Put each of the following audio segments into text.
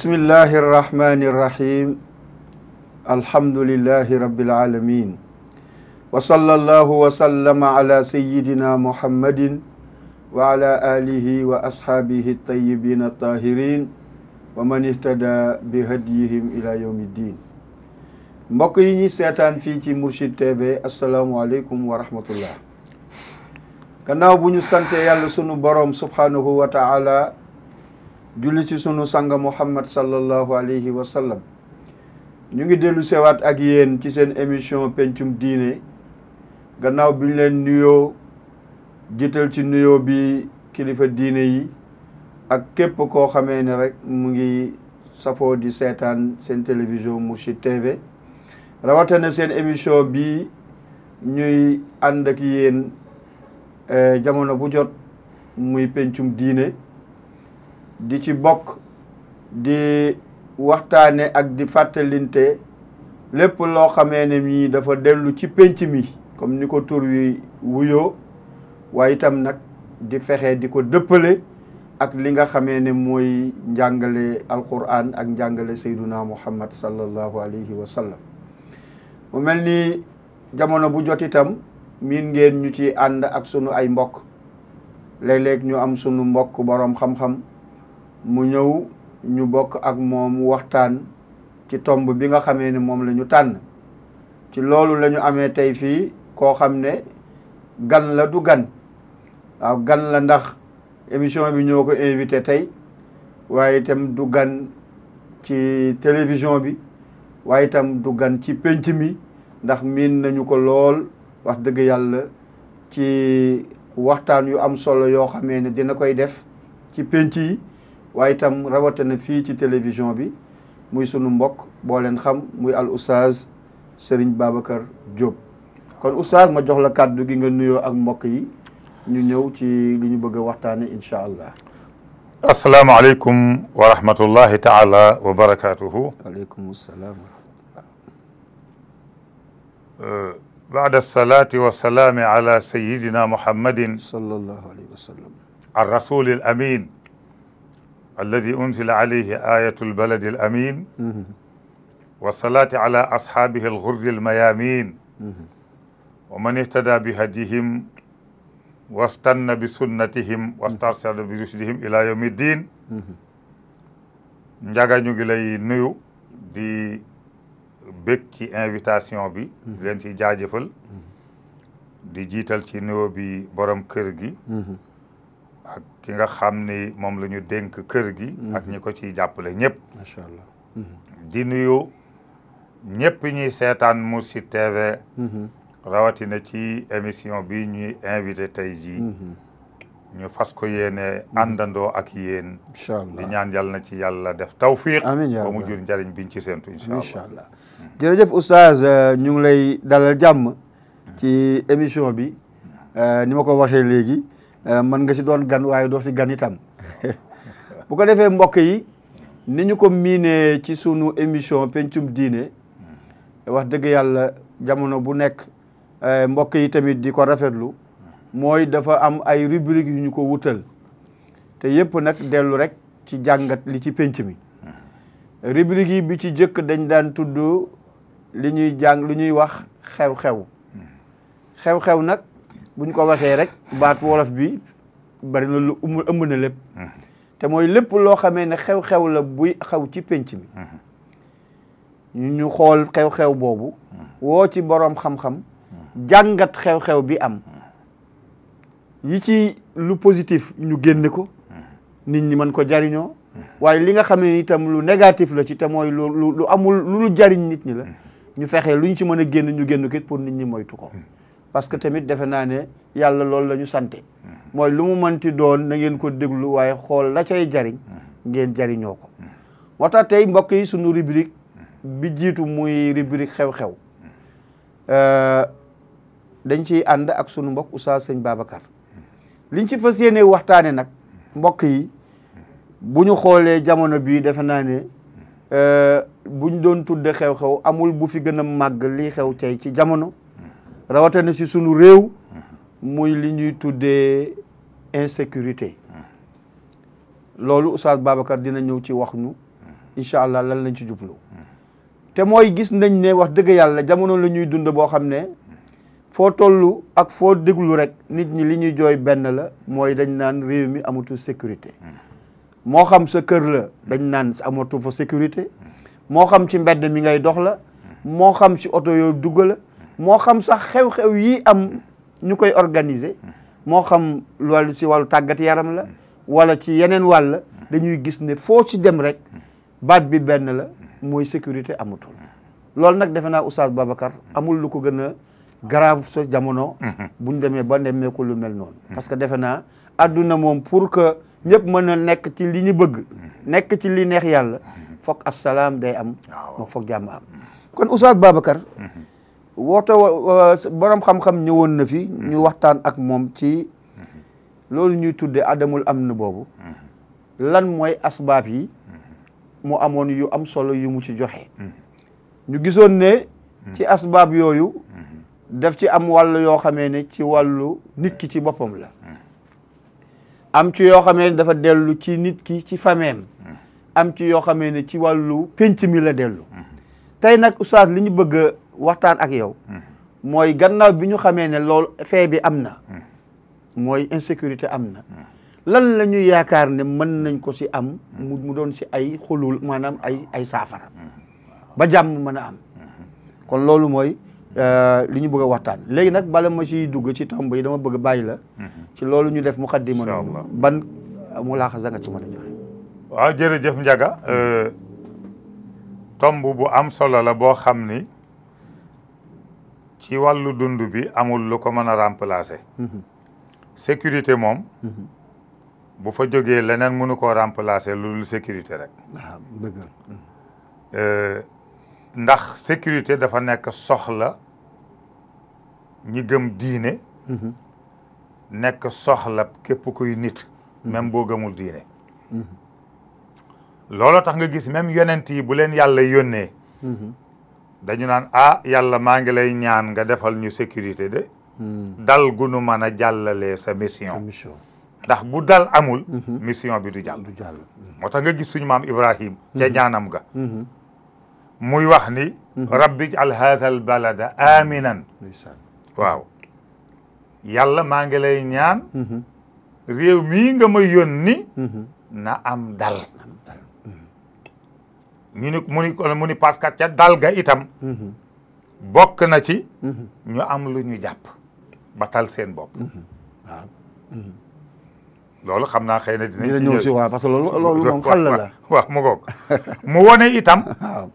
bismillahi irrahmani irrahim alhamdulillahi rabbil alamin wa sallallahu wa sallama ala sayidina muhammadin wa ala alihi wa ashaabihi altayibin altahirin wa man ihtada bi hadiyihim ila yawmi ddin mbokk yi ñuy seetaan fii ci Mourchid TV asalaamualeykum wa rahmatullah gannaaw bu ñu sante yàlla sunu boroom subhaanahu wa taala julli ci sunu sang muhammad sallallahu alayhi wa sallam ñu ngi dellu sewaat ak yéen ci seen émission pencum diine gannaaw bi ñu leen nuyoo jiital ci nuyoo bi kilifa diine yi ak képp koo xamee ne rek mu ngi safoo di seetaan seen télévision Mourchid TV rawatina seen émission bi ñuy ànd ak yéen eh, jamono bu jot muy pencum diine di ci bokk di waxtaane ak di fàttalinte lépp loo xamee ne mii dafa dellu ci pénc mi comme ni ko tur wi wuyoo waaye itam nag di fexe di ko dëppale ak li nga xamee ne mooy njàngale alquran ak njàngale sayduna muhammad sallallahu alayhi wa sallam mu mel ni jamono bu jot itam miin ngeen ñu ci ànd ak sunu ay mbokk léeg-léeg ñu am sunu mbokk boroom xam-xam mu ñëw ñu bokk ak moom waxtaan ci tomb bi nga xamee ni moom lañu tànn ci loolu lañu amee tey fii koo xam ne gan la du gan waaw gan la ndax émission bi ñoo ko invité tey waaye itam du gan ci télévision bi waaye itam du gan ci pénc mi ndax miin nañu ko lool wax dëgg yàlla ci waxtaan yu am solo yoo xamee ne dina koy def ci pénc yi waaye itam rawatina fii ci television bi muy sunu mbokk boo xam muy al oustaz Serigne Babacar Diop kon oustaz ma jox la kàddu gi nga nuyoo ak mbokk yi ñu ñëw ci li ñu bëgg a waxtaane incha allah asalaamaaleykum wa rahmatullahi taala wa barakaatuhu aleykum salaam بعد الصلاة والسلام على سيدنا alladi unsila alayhi ayatu albaladi al amin wasalaati ala ashaabihi alxurdi almayamin wa man ihtada bi hadihim wastanna bi sunnatihim wastarsada bi rushdihim ila yawmi ddin njaga ñu ngi lay nuyu di bég ci invitation bi di leen ci jaajëfal di jiital ci nuyoo bi borom kër gi ak ki nga xam ni moom lañu ñu dénk kër gi. Mm-hmm. ak ñi ko ci jàppale ñëpp. macha allah mm-hmm. di nuyu ñëpp ñuy seetaan Mourchid TV. Mm-hmm. rawatina ci émission bi ñuy invité tey jii. ñu fas ko yéene àndandoo ak yéen. incha di ñaan jal na ci yàlla def tawfiq. amiin yaa mu jur njariñ biñ ci séntu incha allah incha allah. jërëjëf euh, ñu lay dalal jàmm. ci émission bi euh, ni ma ko waxee léegi. Euh, mën nga si doon gan waaye doo si gan itam bu ko defee mbokk yi ni ñu ko miinee ci sunu émission pencum diine wax dëgg yàlla jamono bu nekk euh, mbokk yi tamit di ko rafetlu mooy dafa am ay rubrique yu ñu ko wutal te yëpp nag dellu rek ci jàngat li ci penc mi rubrique yi bi ci jëkk dañ daan tudd li ñuy jàng lu ñuy wax xew-xew hmm. xew-xew nag bu ñu ko waxee rek baat wolof bi bari na lu ëmb na lépp mm-hmm. te mooy lépp loo xamee ne xew-xew la buy xew ci pénc mi mm-hmm. ñu xool xew-xew boobu mm-hmm. woo ci boroom xam-xam jàngat xew-xew bi am yi ci lu positif ñu génn ko nit ñi mën ko jariñoo waaye li nga xamee ni itam lu négatif la ci te mooy lu lu amul lu lu jariñ nit ñi la ñu fexee lu ñu ci mën a génn ñu génn ko it pour nit ñi moytu ko parce que tamit defe naa ne yàlla loolu la ñu sante mooy lu mu mënti doon na ngeen ko déglu waaye xool la cay jariñ ngeen jariñoo ko moo tax tey mbokk yi sunu rubrique bi jiitu muy rubrique xew-xew euh, dañ ciy ànd ak sunu mbokk Oustaz Sëñ Babacar liñ ci fas yéene waxtaane nag mbokk yi bu ñu xoolee jamono bii defe naa ne euh, buñ doon tudde xew-xew amul bu fi gën a màgg lii xew tey ci jamono rawatina si sunu réew muy li ñuy tuddee insécurité loolu Oustaz Babacar dina ñëw ci wax ñu incha allah lan lañ ci jublu te mooy gis nañ ne wax dëgg yàlla jamono la ñuy dund boo xam ne foo tollu ak foo déglu rek nit ñi li ñuy jooy benn la mooy dañ naan réew mi amatul sécurité moo xam sa kër la dañ naan amatu fa sécurité moo xam ci mbedd mi ngay dox la moo xam si oto yoo dugg la moo xam sax xew-xew yii am ñu koy organiser moo xam loolu si wàllu tàggat yaram la wala ci yeneen wàll dañuy gis ne foo ci dem rek baat bi benn la mooy sécurité amatul loolu nag defe naa Oustaz Babacar amul lu ko gën a grave sa jamono bu ñu demee ba nemmeeku lu mel noonu parce que defe naa àdduna moom pour que ñëpp mën a nekk ci li ñu bëgg nekk ci li neex yàlla foog assalaam day am moo foog jàmm am kon Oustaz Babacar mhm. woote borom xam-xam ñëwoon na fi. ñu mm-hmm. waxtaan ak moom ci mm-hmm. loolu ñuy tuddee adamul am na boobu. Mm-hmm. lan mooy asbaab yi. mu amoon yu am solo yu mu ci joxe. ñu gisoon ne. ci asbaab yooyu. def ci am wàll yoo xamee ne ci wàllu nit ki ci boppam la. am ci yoo xamee ne dafa dellu ci nit ki ci fameem am ci yoo xamee ne ci wàllu penc mi la dellu. tey nag oustaz li ñu bëgg waxtaan ak yow. Mm-hmm. mooy gannaaw bi ñu xamee ne loolu fee bi am na. Mm-hmm. mooy insécurité am na. lan la yaakaar ne mën nañ ko si am. Mm-hmm. mu doon si ay xulul maanaam ay ay saafara. ba jàmm mën a am. kon loolu mooy euh, li ñu bëgg a waxtaan léegi nag bala ma siy dugg ci tomb yi dama bëgg bàyyi la. ci loolu ñu def mu xaddima ban euh, mu laaxasa nga ci mën a joxe. waaw jërëjëf Ndiaga euh, tomb bu am solo la boo xam ni. ci wàllu dund bi amul lu ko mën a remplacer. Mhm. sécurité moom. Mhm. bu fa jógee leneen mënu koo remplacer lu sécurité rek. waaw ah, dëgg euh, ndax sécurité dafa nekk soxla ñi gëm diine. Mhm. nekk soxla képp kuy nit. même boo gëmul diine. looloo tax nga gis même yonent yi bu leen yàlla yónnee. dañu naan ah yàlla maa ngi lay ñaan nga defal ñu sécurité de. Hmm. dal gu nu mën a jàllalee sa mission. ndax bu dal amul. Hmm. mission bi du jàll. du hmm. moo tax nga gis suñu maam Ibrahim. ca ñaanam ga. muy wax ni. rabbi ij'al haadha al balada aminan. waaw yàlla maa ngi lay ñaan. réew mii nga ma yónni. na am dal. ñu mu ni mu ni parce que ca dal ga itam mhm. bokk na ci mhm. ñu am lu ñu jàpp ba tal seen bopp mhm. waaw loolu xam naa xëy na dinañ ci ñëw si waaw parce que loolu loolu moom xal la la waaw mu goog mu wone itam waaw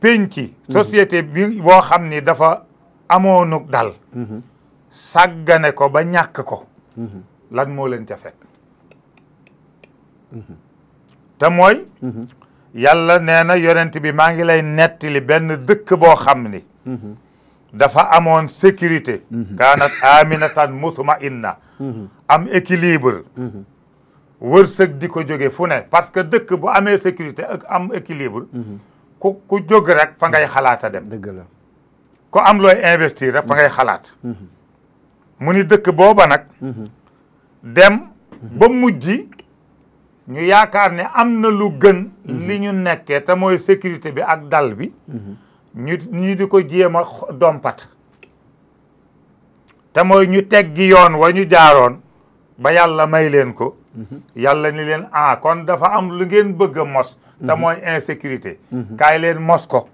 penc société bi boo xam ni dafa amoonu dal sàggane ko ba ñàkk ko lan moo leen ca fekk te mooy yàlla nee na yonent bi maa ngi lay nettali benn dëkk boo xam ni mhm. dafa amoon sécurité mhm. kaanat aminatan musma inna mhm. am équilibre wërsëg di ko jóge fu ne parce que dëkk bu amee sécurité ak am équilibre ku jóg rek fa ngay xalaat a dem dëgg la am looy investir rek fa ngay xalaat mu ni dëkk booba nag dem ba mujj ñu yaakaar ne am na lu gën li ñu nekkee te sécurité bi ak dal bi ñu ñu di ko jéem a dompat te mooy ñu teggi yoon wa ñu jaaroon ba yàlla may leen ko yàlla ni leen ah kon dafa am lu ngeen bëgg a mos te insécurité kaay leen mos ko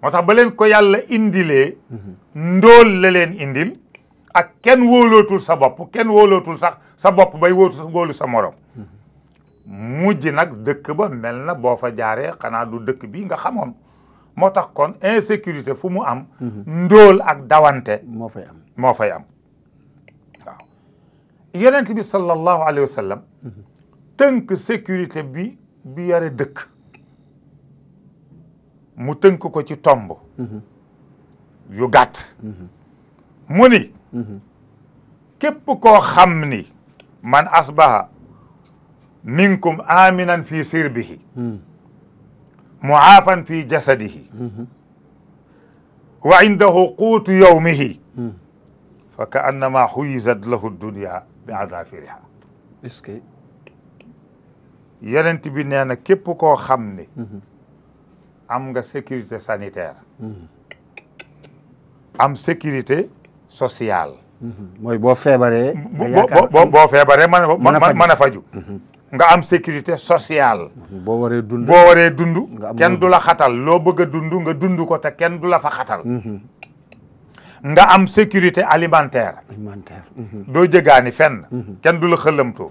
moo tax ba leen ko yàlla indilee ndool la leen indil ak kenn wóolootul sa bopp kenn wóolootul sax sa bopp bay wóolu sa morom mujj nag dëkk ba mel na boo fa jaaree xanaa du dëkk bi nga xamoon moo tax kon insécurité fu mu am ndóol ak dawante moo fay am moo fay am waaw yonent bi sallallahu alayhi wa tënk sécurité bi bi yore dëkk mu tënk ko ci tomb mhm. yu gàtt mu ni Mm-hmm. képp koo xam ni man asbaha minkum aminan fi sirbihi mm-hmm. muaafan fi jasadihi mm-hmm. wa indahu quutu yawmihi fa ka annama xuyizat lahu dunia bi adafiriha est-ce que yonent bi nee na képp koo xam ni am nga sécurité sanitaire am sécurité social. Mhm. mooy boo feebaree. boo feebaree mën a mën a faju mhm. nga am sécurité sociale. Mhm. boo waree dund boo waree dund. kenn du la xatal loo bëgg a dund nga dund ko te kenn du la fa xatal. nga am sécurité alimentaire. alimentaire. doo jëgaani fenn. kenn du la xëlëmtoo.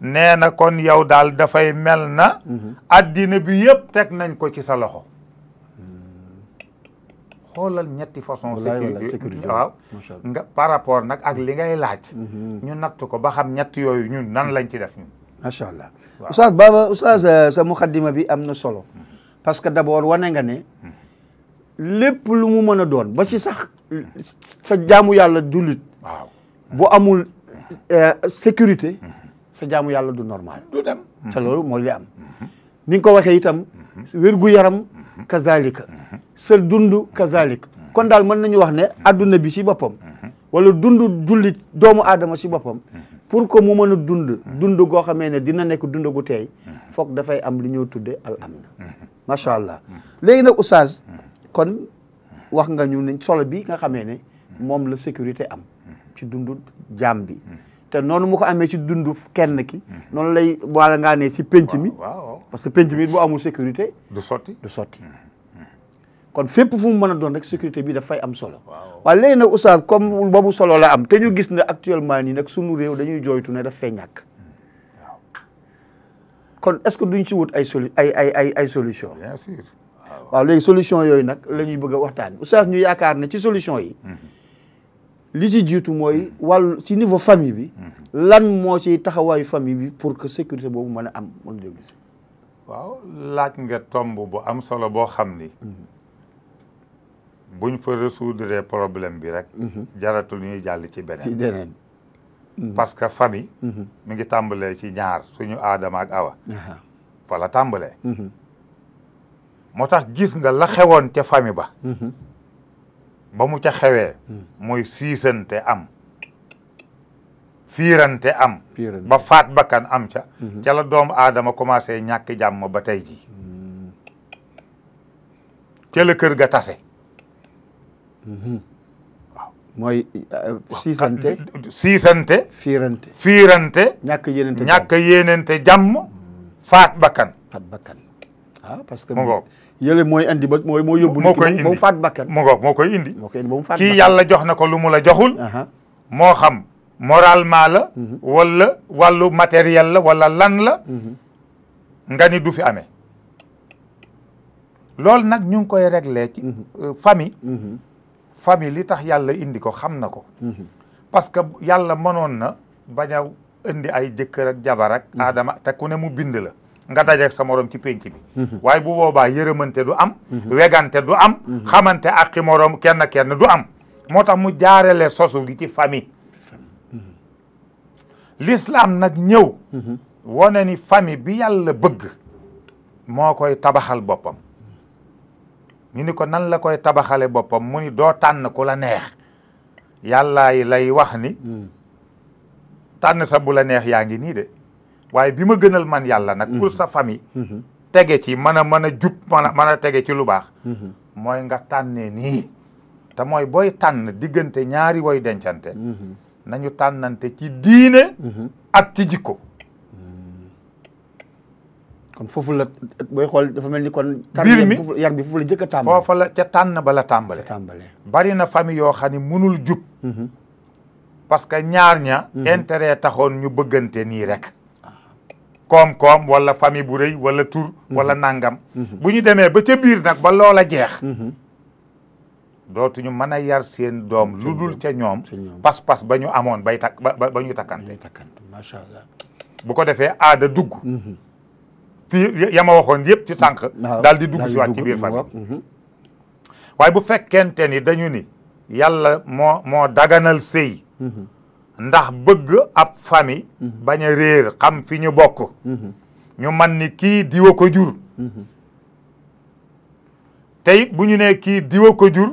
nee na kon yow daal dafay mel na. addina bi yëpp teg nañ ko ci sa loxo. xoolal ñetti façon sécurité waaw nga par rapport nag ak li ngay laaj mhm. ñu natt ko ba xam ñett yooyu ñun nan lañ ci def ñun macha allah oustaz Baba oustaz euh, sa muqaddima bi am na solo mhm. parce que d'abord wane nga ne mhm. lépp lu mu mën a doon ba ci sax sa jaamu yàlla jullit amul euh, sécurité sa jaamu yàlla du normal du dem te loolu mooy li am ni ko waxee itam wér gu yaram kazalika sa dundu kazalik kon daal mën nañu wax ne àdduna bi si boppam wala dund jullit doomu aadama si boppam pour que mu mën a dund dund goo xamee ne dina nekk dund gu teey foog dafay am lu ñëw tudde al am na macha allah léegi nag oustaz kon wax nga ñu ne solo bi nga xamee ne moom la sécurité am ci dund jaam bi te noonu mu ko amee ci dund kenn ki noonu lay wala ngaa ne si penc mi parce que penc mi bu amul sécurité du sotti du sotti kon fépp fu mu mën a doon rek sécurité bi dafay am solo. waaw léegi nag oustaz comme boobu solo la am te ñu gis ne actuellement nii nag sunu réew dañuy jooytu ne daf fay ñàkk. Hmm. kon est-ce que duñ ci wut ay solu ay ay ay ay waaw léegi solution yooyu nag lañuy bëgg a waxtaan oustaz ñu yaakaar ne ci solution yi. Hmm. li ci jiitu mooy wall ci niveau famille bi. Hmm. lan moo ciy taxawaayu famille bi pour que sécurité boobu mën a am mën a jóg. waaw laaj nga tomb bu am solo boo xam ni. bu ñu fa résoudre problème bi rek. Mhm. jaratul ñuy jàll ci beneen. ci beneen. Mhm. parce que famille. Mhm. mi ngi tàmbalee ci ñaar suñu aadama ak awa. fa tàmbalee. moo tax gis nga la xewoon ca famille ba. ba mu ca xewee. muy siisante am. fiirante am. ba faat bakkan am ca. ca la doomu aadama commencé ñàkk jàmm ba tey ji. ca kër ga tase. waaw mm-hmm. ah, mooy. Uh, siisante siisante. fiirante fiirante. ñàkk yéenente ñàkk yéenente jàmm. faat bakkan. faat bakkan ah parce que. mu ngoog mooy andi ba mooy moo yóbbu. moo koy indi ba faat bakkan. moo koy indi. moo koy indi ba mu faat jox na ko lu mu la joxul. moo xam moralement la. Mm-hmm. walla wàllu matériel la walla lan la. Mm-hmm. nga ni du fi amee. loolu nag ñu ngi koy réglé ci euh, famille li tax yàlla indi ko xam na ko mhm. parce que yàlla mënoon na bañ indi ay jëkkër ak jabar ak mhm. aadama te ku ne mu bind la nga dajeeg sa moroom ci pénc bi mhm. waaye bu boobaa yërëmante du am wegante du am xamante ak ki morom kenn kenn du am moo tax mu jaarele sosu gi ci famille l'islam nag ñëw wone ni famille bi yàlla bëgg moo koy tabaxal boppam ñu ni ko nan la koy tabaxale boppam mu ni doo tànn ku la neex yàllaay lay wax ni hmm. tànn sa bu la neex yaa ngi nii de waaye bi ma gënal man yàlla nag pour hmm. sa famille hmm, tege ci mën a mën a jub mën a tege ci lu baax mooy nga tànnee nii te mooy booy tànn diggante ñaari woy dencante nañu tànnante ci diine ak ci jikko kon foofu la booy xool dafa mel ni kon. biir mi yar bi foofu la jëkk a tàmbale foofu la ca tànn ba la tàmbale. tàmbale bari na famille yoo xam ne mënul jub. Mm-hmm. parce que ñaar ña. Mm-hmm. intérêt taxoon ñu bëggante nii rek. koom-koom wala famille bu rëy walla tur. Mm-hmm. wala nangam. bu ñu demee ba ca biir nag ba lool a jeex. dootuñu mën a yar seen doom lu dul ca ñoom. pas-pas ba ñu amoon bay tak ba ba ñu takkante. macha bu ko defee aada dugg. fii yama waxoon yépp ci sànq mm-hmm. daal di dugg si waat ci biir famille mm-hmm. waaye bu fekkente ni dañu ni yàlla moo moo daganal sëy mm-hmm. ndax bëgg ab famille bañ a réer xam fi ñu bokk ñu man ni kii diwa ko jur tey bu ñu ne kii diwa ko jur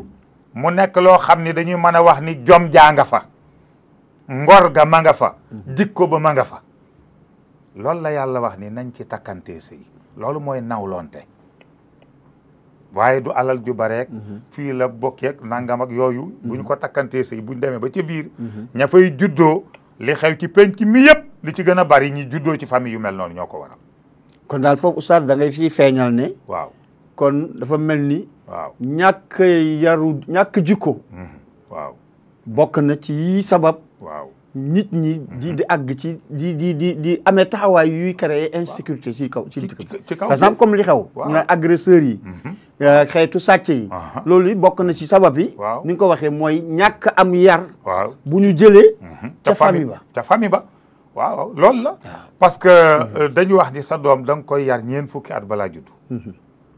mu nekk loo xam ni dañuy mën a wax ni jom jaa nga fa ngor ga ma nga fa jikko ba ma nga fa loolu la yàlla wax ni nañ ci takkantee sëy loolu mooy nawlonte waaye du alal ju bareek mhm. fii la bokkeek nangam ak yooyu bu ñu mhm. ko takkante sëy buñ demee ba ci biir mhm. ña fay juddoo li xew ci penc mi yëpp li ci gën a bari ñi juddoo ci famille yu mel noonu ñoo ko waral kon daal foofu oustaz da ngay feeñal ne waaw kon dafa mel ni waaw ñàkk yaru ñàkk jikko bokk na ci yii sabab waaw nit ñi di di àgg ci di di di di amee taxawaay yuy créer insécurité ci kaw ci dëkk bi par exemple comme li xew ñu naan agresseurs yi mhm. euh, xeetu sàcc loolu yi bokk na ci sabab yi ni nga ko waxee mooy ñàkk am yar bu ñu jëlee mhm. ca famille ba ca famille ba waaw loolu la parce que mhm. euh, dañu wax di sa doom da koy yar ñeen fukki at balaa judd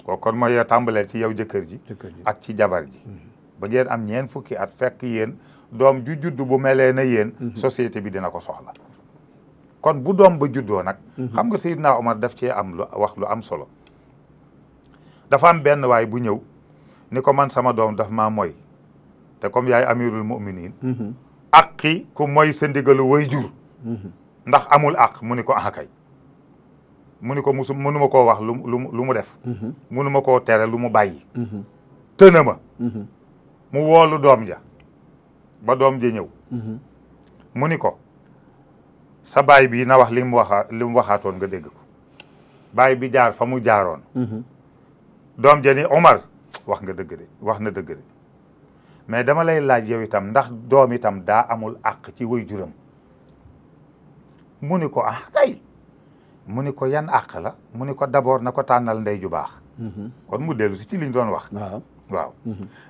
kooku kon mooy tàmbaleel ci yow jëkkër ji ak ci jabar ji ba ngeen am ñeen fukki at fekk yéen doom ju judd bu melee na yéen mhm. société bi dina ko soxla kon bu doom ba juddoo nag mhm. xam nga Seydina Omar def cee am lu wax lu am solo dafa am benn waay bu ñëw ni ko man sama doom daf ma mooy te comme yaay amirul muminin mhm. aqi ku mooy sa ndigalu way jur ndax amul aq mu ni ko ah mu ni ko musu mënuma koo wax lu mu lu mu def mënuma koo tere lu mu bàyyi tëna mu woolu doom ja ba doom ji ñëw mhm. mu ni ko sa baay bi na wax li mu waxa li mu waxaatoon nga dégg ko baay bi jaar fa mu jaaroon mhm. doom ja ni Omar wax nga dëgg de wax na dëgg de mais dama lay laaj yow itam ndax doom itam daa amul àq ci way juram mu ni ko ah kay mu ni ko yan àq la mu ni ko d'abord na ko tànnal ndey ju baax mhm. kon mu dellu si ci liñ doon wax waaw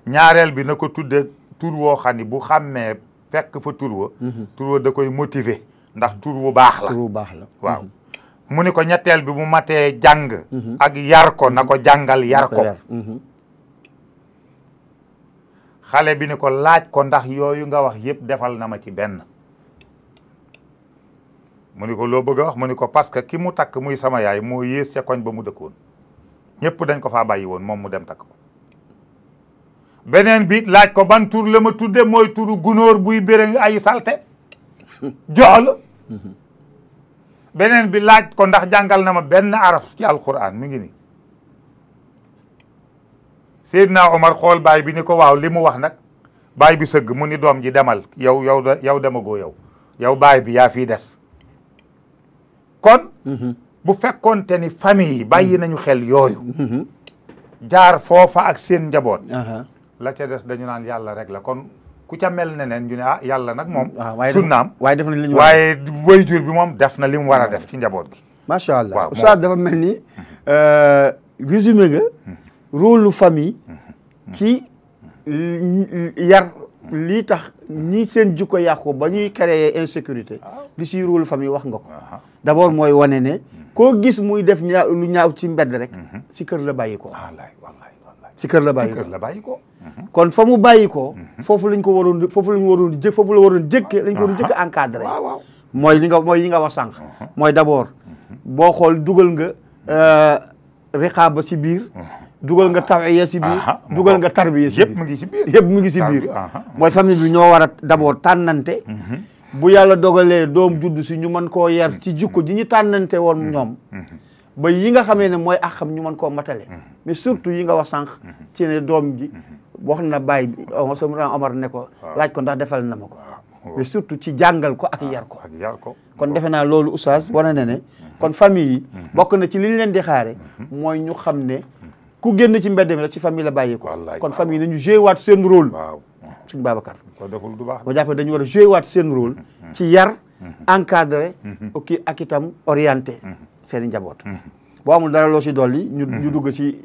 ñaareel bi na ko tudde tur woo xam ni bu xàmmee fekk fa tur wa mhm. da koy motiver ndax tur wu baax la baax la waaw mhm. mu ni ko ñetteel bi mu matee jàng mhm. ak yar ko na ko jàngal yar ko xale bi ni ko laaj ko ndax yooyu nga wax yépp defal na ma ci benn mu ni ko loo bëgg a wax mu ni ko parce que ki mu takk muy sama yaay moo yées ca koñ ba mu dëkkoon ñëpp dañ ko faa bàyyi woon moom mu dem takk ko beneen bi laaj ko ban tur la ma tudde mooy turu gunóor buy bérëng ay salte jox beneen bi laaj ko ndax jàngal na ma benn araf ci alquran mi ngi ni Seydina Omar xool baay bi ni ko waaw li mu wax nag baay bi sëgg mu ni doom ji demal yow yow yow demagoo yow yow baay bi yaa fi des kon mhm. bu fekkoonte ni famille yi bàyyi mhm. nañu xel yooyu mhm. jaar foofa ak seen njaboot la ca des dañu naan yàlla rek la kon ku ca mel ne neen ñu ne ah yàlla nag moom. Ah, waaye sunnaam waaye def na li ñu war waaye bi moom def na li mu war a def ci njaboot gi. macha allah waaw oustaz dafa mel ni mm-hmm. euh, résumé nga mm-hmm. rôle lu famille. Mm-hmm. ci yar lii tax ñi seen jukko yàqu ba ñuy créer insécurité ah. li siy rôle famille wax nga ko uh-huh. d' abord mooy wane ne koo gis muy def ñaaw lu ñaaw ci mbedd rek si kër la bàyyi ko si kër la bàyyi ko Mhm. kon fa mu bàyyi ko mhm. foofu lañ ko waroon foofu lañ waroon jë la waroon jëkke lañ ko waroon jëkk encadré mooy li nga mooy yi nga wax sànq mooy d'abord mhm. boo xool dugal nga euh, riqaaba si biir dugal nga tawiya si biir dugal nga tarbiya si biir yëpp mu ngi si biir mu ngi si biir mooy famille bi ñoo war a d'abord tànnante bu yàlla dogalee doom judd si ñu mën koo yar ci jikko ji ñu tànnante woon ñoom ba yi nga xamee ne mooy ak xam ñu mën koo matale mais surtout yi nga wax sànq ci doom ji wax na bàyyi sama Omar ne ko laaj kon ndax defal na ma ko mais surtout ci jàngal ko ak yar ko ak yar ko kon defe naa loolu oustaz wane na ne mhm. kon famille yi mhm. bokk na ci li ñu leen di xaare mhm. mooy ñu xam ne ku génn ci mbedd mi la ci famille la bàyyi ko kon famille nañu joué waat seen rôle suñ Babacar boo jàppee dañu war a joué waat seen rôle ci yar encadré ok ak itam orienté seen i njaboot boo amul dara loo si dolli ñu dugg ci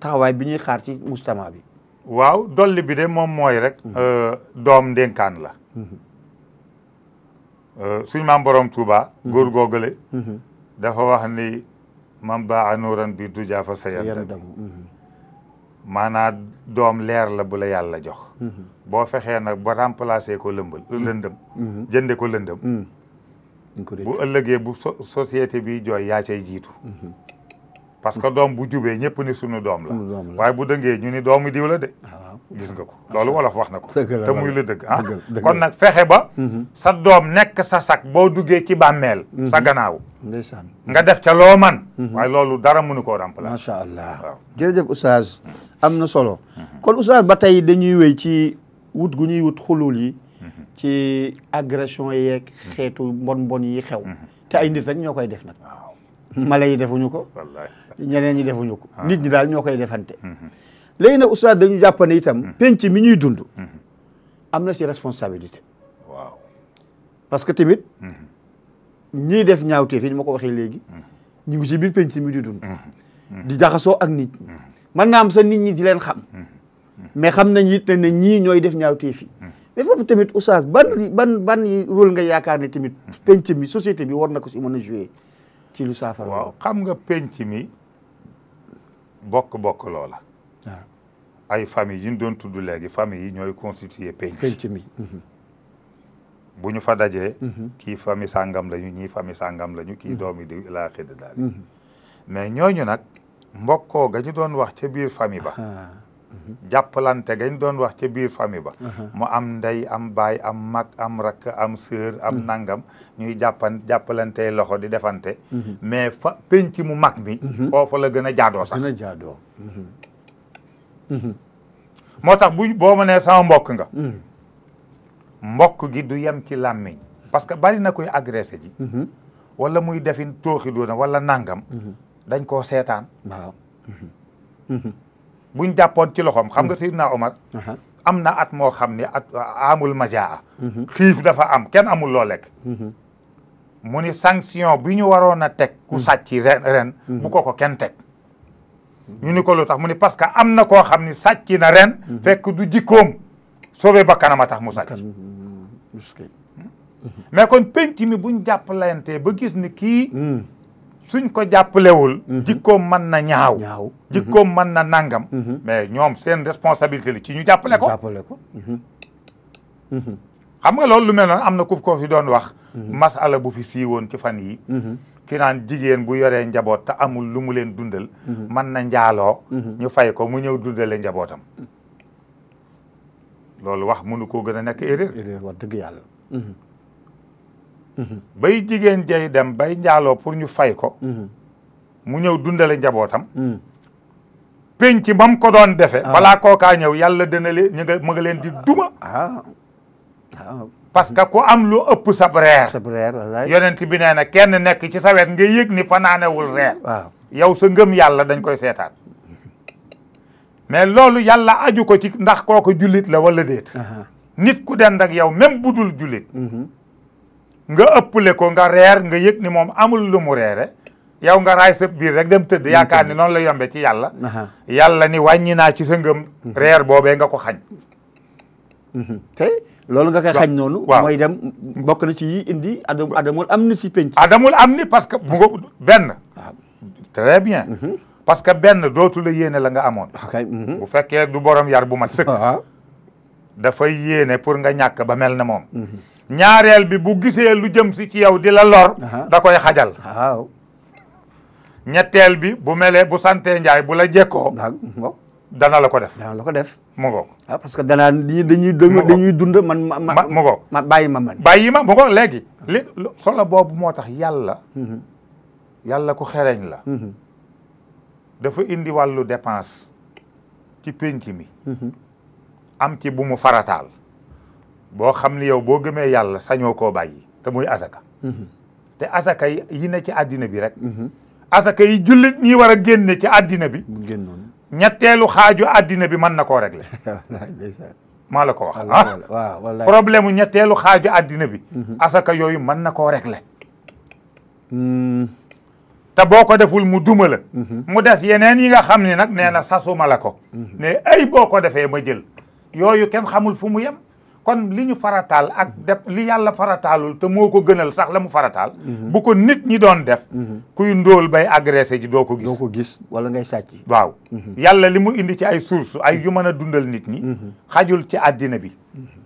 taxawaay bi ñuy xaar ci mujtama bi waaw dolli bi de moom mooy rek. Mm-hmm. Euh, doom ndénkaan la. Mm-hmm. Euh, suñ maam borom Touba. Mm-hmm. góor googale. dafa wax ni man baa anuuran bi du jaafa a yandam maanaam doom leer la bu la yàlla jox. boo fexee nag ba remplacer ko lëmbal lëndëm. jënde ko lëndëm. bu ëllëgee bu société bi jooy yaa cay jiitu. parce que doom bu jubee ñëpp ni sunu doom la waaye bu dëngee ñu ni doomu diw la de ah, gis nga ko loolu wolof wax na ko te muy ah. la dëgg ah kon nag fexe ba mhm. sa doom nekk sa sak boo duggee ci bàmmeel mhm. sa gannaaw ndeysaan nga def ca loo man mhm. loolu dara mënu koo remplacer macha allah waaw am na solo kon oustaz ba tey dañuy wéy ci wut gu ñuy wut xulul yi ci agression yeeg xeetu mbon mbon yi xew te ay nit rek ñoo koy def nag mala yi defuñu ko ñeneen ñi defuñu ko ah. nit ñi daal ñoo koy defante mm-hmm. léegi nag oustaz dañu jàpp ne itam mm-hmm. penc mi ñuy dund mm-hmm. am na si responsabilité waaw parce que tamit ñii def ñaaw yi ni ma ko waxee léegi ñu ngi ci biir penc mi di dund di jaxasoo ak nit ñi mën naa am sa nit ñi di leen xam mais xam nañ it ne ñii ñooy def ñaaw yi mais foofu tamit oustaz ban ban ban rôle nga yaakaar ni tamit penc mi société bi war na ko si mën a jouer ci lu saafara waaw xam nga penc mi bokk-bokk loola. waaw ah. ay famille yi doon tudd léegi famille yi ñooy constituer penc. penc mhm. bu ñu fa dajee. Mhm. kii famille sangam lañu ñii famille sàngam lañu. kii mhm. doomi diw ilaa xiddi daal. mais ñooñu nag mbokkoo gañu doon wax ca biir famille ba. Ah. jàppalante gañ doon wax ca biir fami ba mu am ndey am baay am mag am rakk am sœur am mhm. nangam ñuy jàppan jàppalante loxo di defante mhm. mais fa penc mu mag mi mhm. foofu la gën a jaadoo sax gën moo tax bu boo ma nee sama mbokk nga mbokk gi du yem ci làmmiñ parce que bari na koy agressé ji wala muy defin tooxi doona wala nangam dañ koo seetaan waaw buñ jàppoon ci loxoom xam nga mm. naa Omar am na at moo xam ne at uh, amul majaa mm-hmm. xiif dafa am kenn amul loo lekk mm-hmm. mu ni sanction bi ñu waroon a teg ku mm. sàcc ren ren mm-hmm. bu ko ko kenn teg ñu ni ko lu tax mu ni parce que am na koo xam ni sàcc na ren fekk du jikkoom sauvé ba kanam a tax mu sàcc hmm? mais kon penc mi buñ jàppalantee ba gis ni kii mm. suñ ko jàppalewul mhm. jikkoom mën na ñaaw ñaaw jikkoom mën na nangam mhm. mais ñoom seen responsabilité la ci ñu jàppale ko jàppale ko mhm. xam nga loolu lu mel noonu am na ku ko fi doon wax masala bu fi siiwoon ci fan yi ki naan jigéen bu yoree njaboot te amul lu mu leen dundal mën na njaaloo ñu fay ko mu ñëw dundale njabootam loolu wax mënu koo gën a nekk erreur erreur wax dëgg yàlla bay jigéen jay dem bay njaaloo pour ñu fay ko mhm. mu ñëw dundale njabootam mhm. penc ba mu ko doon defe ah. balaa kookaa ñëw yàlla dana leen ñu nga ma nga leen di duma ah. Ah. parce que ku am lu ëpp sab reer sab reer wallaay yonent bi nee na kenn nekk ci sawet wet nga yëg ni fanaanewul reer waaw yow sa ngëm yàlla dañ koy seetaat mais loolu yàlla aju ko ci ndax kooku jullit la wala déet nit ku dend ak yow même bu dul nga ëpple ko nga reer nga yëg ni moom amul lu mu reere yow nga raay sa biir rek dem tëdd yaakaar ni noonu la yombe ci yàlla yàlla ni wàññi naa ci sa ngëm mhm. reer boobee nga ko xañ mhm. te loolu nga koy xañ noonu mooy dem bokk na ci indi adam adamul am ni si penc adamul am ni parce que bu nga benn ah. très bien mhm. parce que benn dootu la la nga amoon ah, bu fekkee du borom yar bu ma sëkk ah. dafay yéene pour nga ñàkk ba mel na moom ñaareel bi bu gisee lu jëm si ci yow di la lor da koy xajal waaw ñetteel bi bu melee bu santee njaay bu la jekkoo dana la ko def dana la ko def mu ngoog ah parce que danaa dañuy dund man ma ma bàyyi ma man bàyyi ma mu ngoog léegi li solo boobu moo tax yàlla mm-hmm. yàlla ku xereñ la mm-hmm. dafa indi wàllu dépense ci pénc mi mm-hmm. am ci bu mu farataal boo xam ni yow boo gëmee yàlla sañoo koo bàyyi te muy asaka mhm. te asaka yi ne ci àddina bi rek mhm. asaka yi jullit ñi war a génne ci àddina bi ñetteelu xaaju àddina bi mën na koo régler maa la ko wax ah problème ñetteelu xaaju àddina bi mhm. asaka yooyu mën na ko régler hmm. te boo ko deful mu duma la mu des yeneen yi nga xam ne nag nee na ma la ko mais ay boo ko defee ma jël yooyu ken xamul fu mu yem kon li ñu farataal ak def li yàlla farataalul te moo ko gënal sax la mu farataal mhm. bu ko nit ñi doon def mhm. kuy ndóol bay agressé ji doo ko gis doo gis wala ngay sàcc waaw mhm. yàlla li mu indi ci ay source ay yu a dundal nit ñi xajul ci àddina bi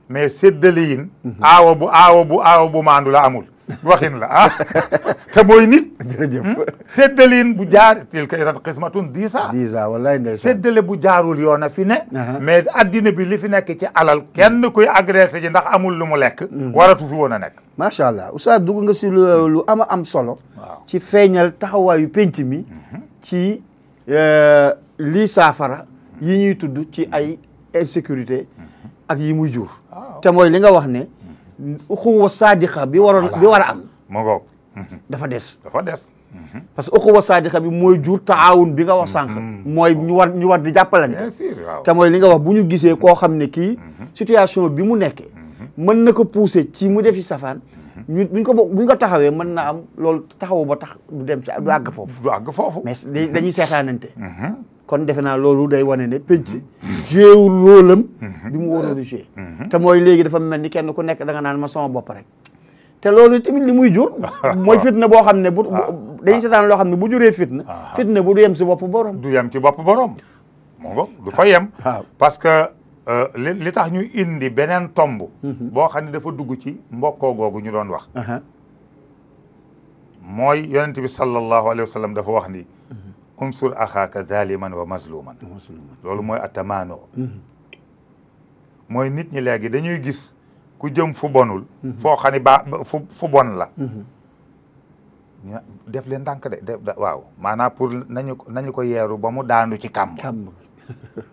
mais séddale yin aawa bu aawa bu aawa bu maandu la amul waxin la ah te mooy nit. jërëjëf hmm? séddaliin bu jaar tilka idan qismatun diisa. diisa wallaay ndeysaan bu jaarul yoon a fi ne. mais addina bi li fi nekk ci alal kenn kuy agressé ji ndax amul lu mu lekk. Hmm. waratu fi woon a nekk. macha allah oustaz dugg nga si lu ama am solo. ci feeñal taxawaayu penc mi. Hmm. ci euh, lii saafara. yi ñuy tudd ci ay insécurité. ak yi muy jur. te li nga wax ne. uxuwa saadiqa bi waroon bi war a am ma ngoog dafa des dafa des parce que uxuwa saadiqa bi mooy jur taawun bi nga wax sànq mm-hmm. mooy ñu war ñu war di jàppalante te li nga wax bu ñu gisee koo xam ne kii mm-hmm. situation bi mu nekkee mm-hmm. mën na ko pousser ci mu def defi safaan ñu buñ ko buñ ko taxawee mën na am loolu taxawu ba tax du dem ci du àgg foofu du àgg foofu mais dañuy seetaanante kon defe naa loolu day wane ne penc jéewul loolam mhm. bi mu waroon a joué mhm. te mooy léegi dafa mel ni kenn ku nekk da naan ma sama bopp rek te loolu tamit li muy jur mooy fitna boo xam ne bu ah. dañu seetaan loo xam ne bu juree fitna ah. fitna bu du yem si bopp borom du yem ci bopp borom moo yem ah. parce que euh, li tax ñu indi beneen tomb mhm. boo xam ne dafa dugg ci mbokkoo googu ñu doon wax mooy yonent bi sallallahu alayhi wa sallam dafa wax ni unsur axaaka zaliman wa mazluman loolu mooy atamaanoo mooy nit ñi léegi dañuy gis ku jëm fu bonul foo xam ne ba fu bon la def leen ndànk de waaw maanaam pour nañu nañu ko yeeru ba mu daanu ci kàmm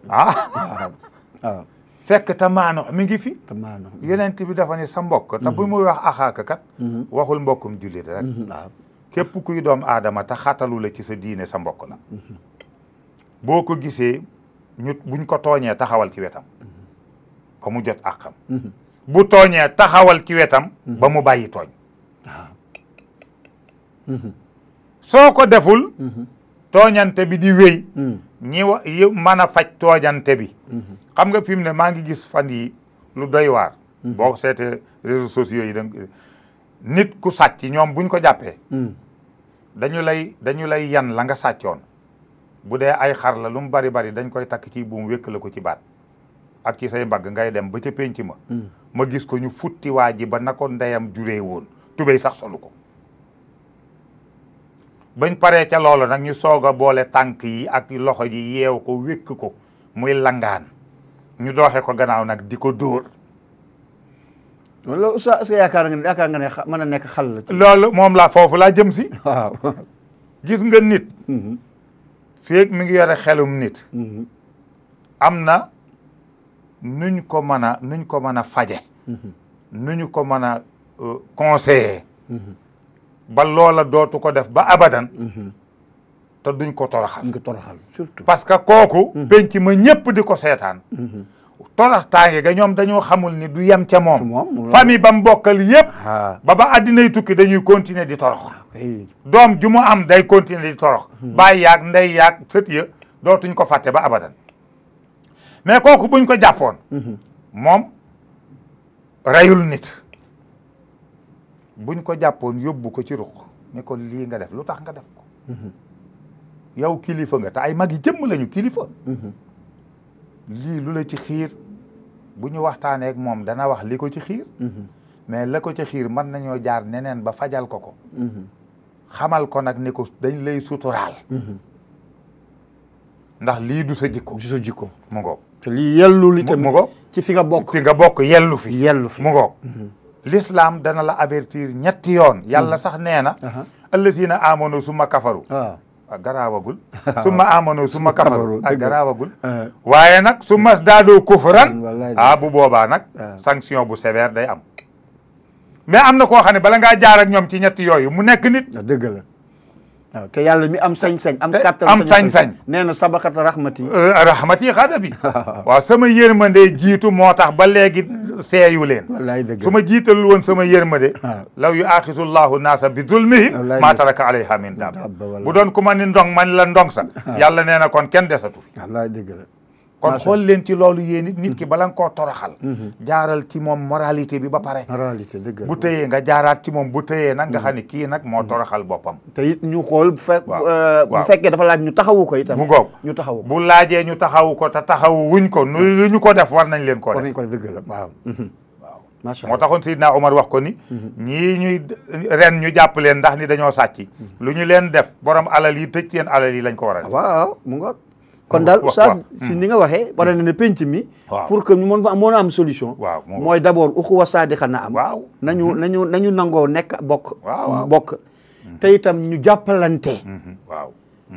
ah waaw fekk tamaano mi ngi fi tamaano yonent bi dafa ne sa mbokk te bu muy wax axaaka kat waxul mbokkum jullit rek képp kuy doom aadama te xatalu la ci sa diine sa mbokk la boo ko gisee ñu buñ ko tooñee taxawal ci wetam ba mu jot àqam bu tooñee taxawal ci wetam ba mu bàyyi tooñ soo ko deful tooñante bi di wéy ñi wa faj tooñante bi xam nga fi mu ne maa ngi gis fan yi lu doy waar boo seetee réseaux sociaux yi da nit ku sàcc ñoom buñ ko jàppee dañu lay dañu lay yan la nga sàccoon bu dee ay xar la lu bari bari dañ koy takk ci buum wékk la ko ci baat ak ci say mbagg ngay dem ba ca pénc ma hmm. ma gis ko ñu futti waa ji ba na ko ndeyam juree woon tubéy sax solu ko bañ paree ca loolo nag ñu soog a boole tànk yi ak loxo ji yeew ko wékk ko muy langaan ñu dooxe ko gannaaw nag di ko dóor loolu oustaz est-ce que yaakaar nga ne yaakaar nga a nekk xal la. loolu moom laa foofu laa jëm si. waaw gis nga nit. Mm-hmm. fii mi ngi yore xelum nit. Mm-hmm. am na nuñ ko mën a nuñ ko mën a faje mm-hmm. nuñu ko mën a euh, conseiller. ba loola dootu ko def ba abadan. te duñ ko toroxal. duñ ko toroxal surtout. parce que kooku. penc ma ñëpp di ko seetaan. toroxtaange ga ñoom dañoo xamul ni du yem ca moom famille ba mu bokkal yëpp ba ba addinay tukki dañuy continuer di torox ah, doom ju mu am day continé di torox hmm. bàyyi yaag ndey yaag sët ya dootuñ ko fàtte ba abadan mais kooku buñ ko jàppoon hmm. moom reyul nit buñ ko jàppoon yóbbu ko ci ruq ne ko lii nga def lu tax nga def ko hmm. yow kilifa nga te ay mag yi jëmm lañu kilifa lii lu la ci xiir bu ñu waxtaaneek moom dana wax li ko ci xiir mm-hmm. mais la ko ci xiir mën nañoo jaar neneen ba fajal ko ko mm-hmm. xamal ko nag ni ko dañ lay suturaal mm-hmm. ndax lii du sa jikko du sa jikko mu lii yellu li tam mu ci fi nga bokk fi nga bokk yellu fi yellu fi mu ngoog dana la avertir ñetti yoon yàlla sax nee na uh-huh. allazina amanu summa kafaru ah. garaawagul ah, summa amanu summa kafaru ak garaawagul ah. waaye nag summa daadoo kufran mm, ah bu boobaa nag ah. sanction bu sévère day am mais am na koo xam ne bala ngaa jaar ñoom ci ñett yooyu mu nekk nit dëgg la waaw te yàlla mi am sañ-sañ. am kattan am sañ-sañ. nee na sabaxat rahmati. Euh, rahmati xada bi. waaw sama yërmande jiitu moo tax ba léegi seeyu leen. wallaay dëgg su ma jiitalul woon sama yërmande. law yu aaxisullaahu naasa bi zulmihi. wallaay maa taraka alayha min daab bu doon ku ma ni ndong man la ndong sa. yàlla nee na kon kenn desatu fi. wallaay dëgg la. kon xool leen ci loolu yéen it nit ki mm-hmm. bala nga koo toroxal mm-hmm. jaaral ci moom moralité bi ba pare moralité dëgg bu tëyee nga jaaraat ci moom bu tëyee nag nga mm-hmm. xam ne kii nag moo toroxal boppam te ñu xool bu fekk euh, bu fekkee dafa laaj ñu taxawu ko itam mu ngoog ñu taxawu bu laajee ñu taxawu ko te taxawu wuñ ko lu ñu ko def war nañ leen ko def war nañ ko dëgg la waaw macha allah moo taxoon Seydina Omar wax ko ni. ñii ñuy ren ñu jàpp leen ndax ni dañoo sàcc. lu ñu leen def borom alal yi tëj seen alal yi lañ ko war a def. kon daal oustaz si hmm. ni nga waxee hmm. wane na ne penc mi pour que ñu mën am solution waaw mooy d' abord uxuwa saadixa na am waaw nañu hmm. nañu nañu nangoo nekk bokk bokk te itam ñu jàppalante waaw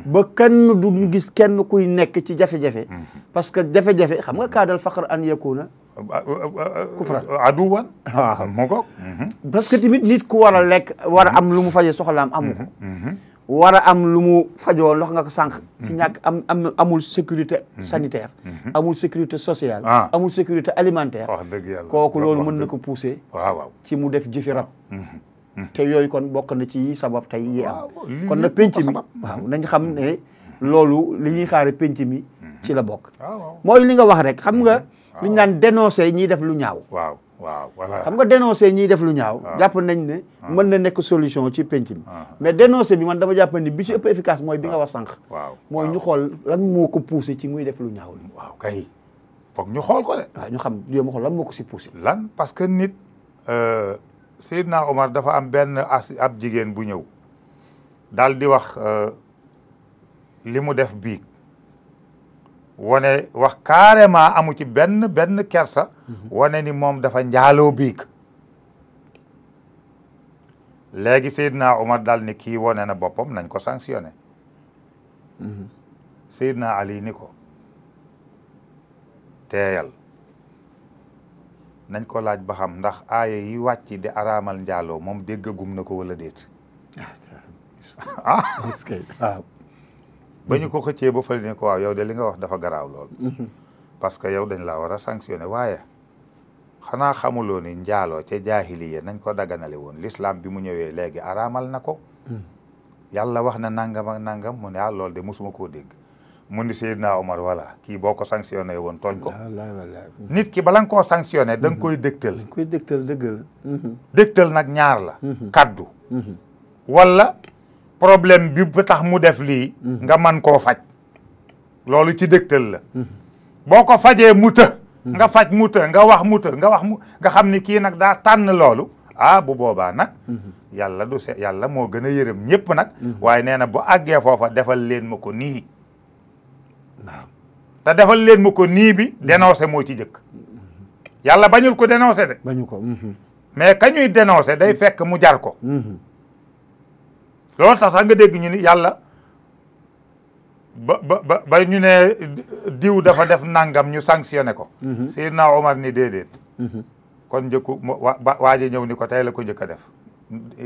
ba du gis kenn kuy nekk ci jafe-jafe parce que jafe-jafe xam nga kaadal faqar an yakuna kufran aduwan waaw ah. parce que tamit nit ku war a lekk war am lu mu faje soxlaam amu ko war am lu mu fajoo lox nga ko sànq. ci ñàkk am am amul sécurité mhm. sanitaire. Mhm. amul sécurité sociale. Ah. amul sécurité alimentaire. wax dëgg yàlla kooku loolu mën na ko pousser. waaw ci mu def jëfi rab. Mhm. te yooyu kon bokk na ci yi sabab tey yi am. kon nag penc mi waaw nañ xam ne loolu li ñuy xaare penc mi. ci la bokk. mooy li nga wax rek xam nga. lu ñu naan dénoncé ñiy def lu ñaaw. waaw waaw voilà xam nga dénoncé ñiy def lu ñaaw. Ah. jàpp nañ ne ah. mën na nekk solution ci penc mi. Ah. mais dénoncé bi man dama jàpp ni bi ci ëpp efficace mooy bi nga wax sànq. waaw mooy ñu xool lan moo ko poussé ci muy def lu ñaaw. waaw kay foog ñu xool ñu xam yow ma xool lan moo ko si poussé. lan parce que nit euh, Seydina Omar dafa am benn as ab jigéen bu ñëw daal di wax euh, li mu def biig wane wax carrément amu ci benn benn kersa mhm. wane ni moom dafa njaaloo biig léegi Seydina Omar dal ni kii wane na boppam nañ ko sanctionné mhm. Seydina Ali ni ko teeyal nañ ko laaj ba xam ndax aaya yi wàcc di araamal njaaloo moom déggagum na ko wala déet ah, ba ñu mm-hmm. ko xëccee ba fële ne ko waaw yow de li nga wax dafa garaaw lool. Mm-hmm. parce que yow dañ laa war a sanctionné waaye xanaa xamuloo ni njaaloo ca jaahiliya nañ ko daganale woon lislaam bi mu ñëwee léegi araamal na ko. Mm-hmm. yàlla wax na nangam ak nangam mu ne a ah, loolu de mosuma koo dégg. mu ni Seydina Omar voilà kii boo ko sanctionné woon tooñ ko. nit ki bala nga koo sanctionné da nga koy dégtal. da koy dégtal dëgg la. dégtal nag ñaar la. kaddu. wala. problème bi ba tax mu def lii mhm. nga man koo faj loolu ci dégtal la mhm. boo ko fajee mu të mhm. nga faj mu të nga wax mu të nga wax mu nga xam ni kii nag daa tànn loolu ah bu boobaa nag yàlla du se yàlla moo gën a yërëm ñépp nag waaye nee na bu àggee foofa defal leen ma ko nii waaw te defal leen ma ko nii bi dénoncé moo ci jëkk yàlla bañul ko dénoncé de bañu ko mais kañuy dénoncé day fekk mu jar ko loolu tax sax nga dégg ñu ni yàlla ba ba ba ñu ne diw dafa def nangam ñu sanctionné ko. Mhm. Seydina Omar ni déedéet. Mhm. kon njëkku waa ñëw ni ko tey la ko njëkk a def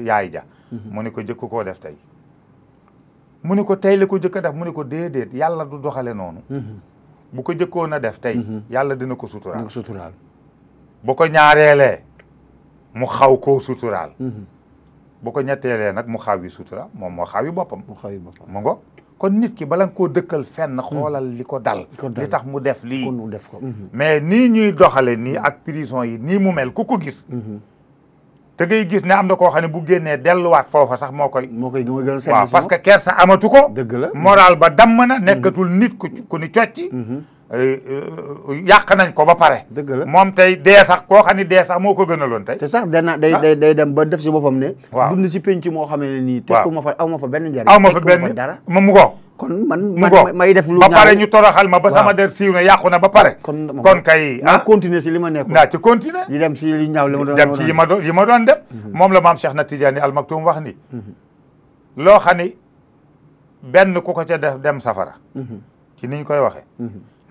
yaay ja. Mhm. mu ni ko njëkku koo def tey. mu ni ko tey la ko njëkk def mu ni ko déedéet yàlla du doxale noonu. bu ko njëkkoon a def tey. yàlla dina ko suturaal dina ko suturaal. bu ko ñaareelee mu xaw ko suturaal. boo ko ñetteelee nag mu xaaw yi sutura moom moo xaaw yi boppam. mu xaaw yi boppam mu ngoog kon nit ki bala nga koo dëkkal fenn. xoolal li ko dal. li tax mu def lii kon mu def ko. Mm-hmm. mais nii ñuy doxale nii ak prison yi nii mu mel ku ko gis. Mm-hmm. te ngay gis ne am na koo xam ne bu génnee delluwaat foofa sax moo koy. moo koy gën a waaw parce que kersa amatu ko. dëgg la moral ba damm na. Mm-hmm. nekkatul nit ku ku ni cocc. Euh, euh, yàq nañ ko ba pare. dëgg la moom tey dee sax koo xam ne dee sax moo ko gënaloon tey. te sax dana ah. day day dem ba def si boppam ne. waaw dund si penc moo xam ne nii. waaw tekkuma fa aw ma fa benn njariñ. aw ma fa benn dara mu ko. kon man man may def lu ba pare ñu toroxal ma ba sama der siiw na na ba pare. kon kon kay. ah continuer si li ma nekkoon naa ci continuer. di dem si li ñaaw li ma doon dem ma doon yi ma doon def. Mhm. moom la maam Cheikh na Tidiane Al Maktoum mhm. loo xam ni benn ku ko ca def dem safara. Mhm. ci niñ koy waxee.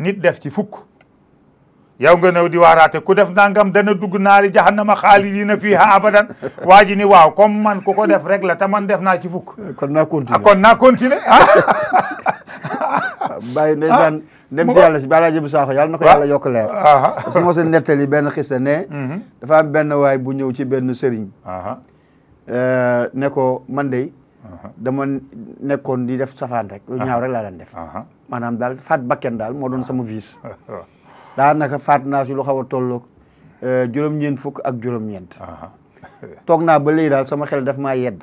nit def ci fukk yow nga ñëw di waaraate ku def nangam dana dugg naari jahannama xaalidina fiiha abadan waa ji ni waaw comme man ku ko def rek la man def naa ci fukk. kon naa continuer ah, kon naa continuer ah. bàyyi ndeysaan ah. dem si yàlla si balaa jëm saako yàlla na ko ah. yàlla yokk leer. su ma sa nettali benn xista ne. Mhm. dafa benn waay bu ñëw ci benn sëriñ. Eh, ne ko man de. dama nekkoon di def safaan rek lu ñaaw rek laa daan def maanaam daal faat bakken daal moo doon sama vice daanaka faat naa si lu xaw a tollook euh, juróom-ñeent fukk ak juróom-ñeent toog naa ba léegi daal sama xel daf maa yedd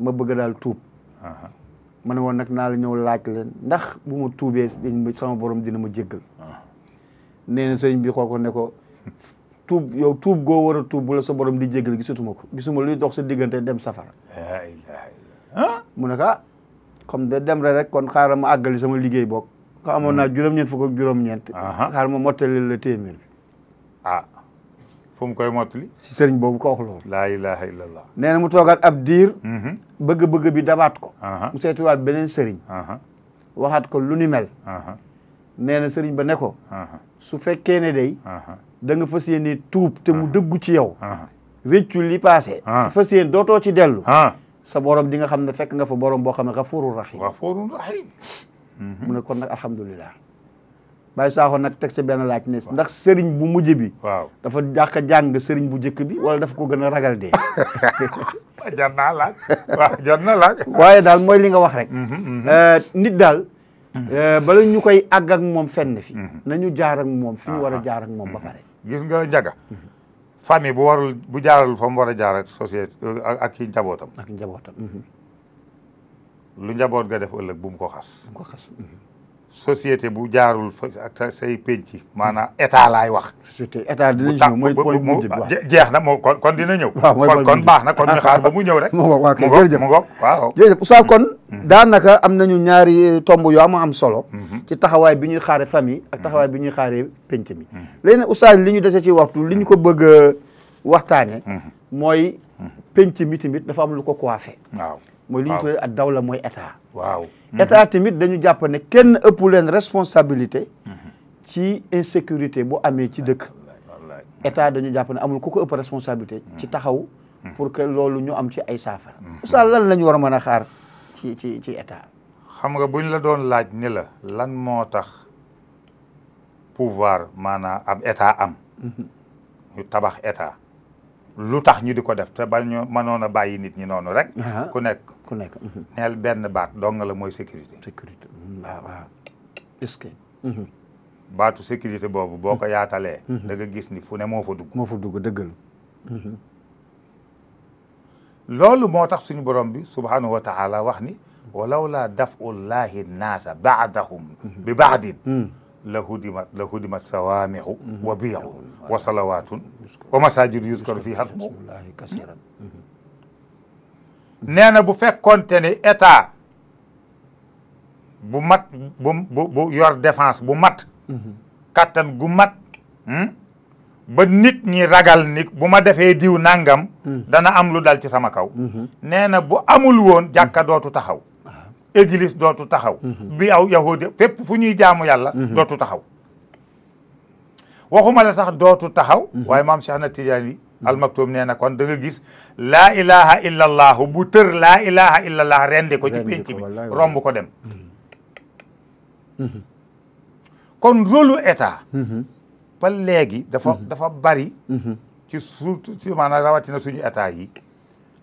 ma bëgg daal tuub ma ne woon nag naa la ñëw laaj leen ndax bu ma tuubee sama boroom dina ma jéggal nee na sëriñ bi xool ko ne ko tuub yow tuub goo war a tuub bu la sa borom di jéggal gisatuma ko gisuma luy dox sa diggante dem safara mu ne ah comme da dem rek kon xaaral ma àggali sama liggéey boog ko amoon naa hmm. juróom-ñeent fukk ak juróom-ñeent xaaral ma mottali la téeméer bi ah fu mu koy mottali si sëriñ boobu ko wax loolu laa ilaha illallah nee na mu toogaat ab diir mm-hmm. bëgg-bëgg bi dabaat ko mu seetiwaat beneen sëriñ waxaat ko lu ni mel nee na sëriñ ba ne ko su fekkee ne day da nga fas yéene tuub te mu dëggu ci yow réccu li passé te fas yéene dootoo ci dellu sa borom di nga xam ne fekk nga fa borom boo xam ne xafurun rahim xafurun rahim mm-hmm. mu ne kon nag alhamdulilah bàyyi saaxo nag teg ci benn laaj ne ndax sëriñ bu mujj bi waaw dafa dàq jàng sëriñ bu njëkk bi wala dafa ko gën a ragal dee jar naa laaj na laaj waaye daal mooy li nga wax rek mm-hmm, mm-hmm. Uh, nit daal uh, bala ñu koy àgg ak moom fenn fi nañu jaar ak moom fi ñu ah, war a ah. jaar moom ba pare gis nga njaga famille bu warul bu jaarul fa mu war a jaar ak société ak ki njabootam. ak njabootam. Mhm. lu njaboot ga def ëllëg bu mu ko xas. ko xas. Mhm. société bu jaarul fa ak say penc maanaam état laay wax. société état dinañ ñëw mooy point jeex na moo kon kon dina ñëw. waaw kon baax na kon ñu xaar ba mu ñëw rek. mu ngoog waaw kay jërëjëf mu ngoog waaw. kon. Mm-hmm. Mm-hmm. daanaka am nañu ñaari eh, tomb yoo am am solo. Mm-hmm. ci taxawaay bi ñuy xaaree famille. ak taxawaay bi ñuy xaaree penc mi. léegi nag oustaz li ñu dese ci waxtu li ñu ko bëgg a waxtaanee. mooy penc mi tamit dafa am lu ko coiffé. waaw. mooy li ñu tuddee ak dawla mooy état. waaw état mhm. tamit dañu jàpp ne kenn ëpp leen responsabilité. Mhm. ci insécurité bu amee ci dëkk. état dañu jàpp ne amul ku ko ëpp responsabilité. Mhm. ci taxaw pour que loolu ñu am ci ay saafara. oustaz lan la ñu war a mën a xaar ci ci ci état. xam nga buñ la doon laaj ni la lan moo tax pouvoir maanaam ab état am. ñu tabax état. lu tax ñu di ko def te ba ñu mënoon a bàyyi nit ñi noonu rek. ku nekk ku nekk. Mhm. neel benn baat dong la mooy sécurité. sécurité waaw waaw mhm. baatu sécurité boobu boo ko mhm. yaatalee. da gis ni fu ne moo fa dugg. moo dugg dëggal. loolu moo tax suñu borom bi subhanahu wa taala wax ni. walaw laa daf'u llaahi naasa ba'dahum bi ba'din la hudimat la hudimat sawaamihu wa biyahu wa salawaatun wa masaajidu yuzkaru fiihaa ismuhu kasiiran nee na bu fekkoonte ne état bu mat bu yor défense bu mat kattan gu mat hmm? ba nit ñi ragal ni bu ma defee diw nangam dana am lu dal ci sama kaw nee na bu amul woon jàkka dootu taxaw église dootu taxaw mhm. bi aw yahudi fépp fu ñuy jaamu yàlla mhm. dootu taxaw waxuma la sax dootu taxaw mhm. waaye maam Cheikh na Tidiane almaktum nee na kon da gis laa ilaha illa allaahu bu tër la ilaha illa allah rendi ko ci pénc romb ko dem kon rôlu état ba léegi dafa bari ci surtout ci maanaam rawatina suñu état yi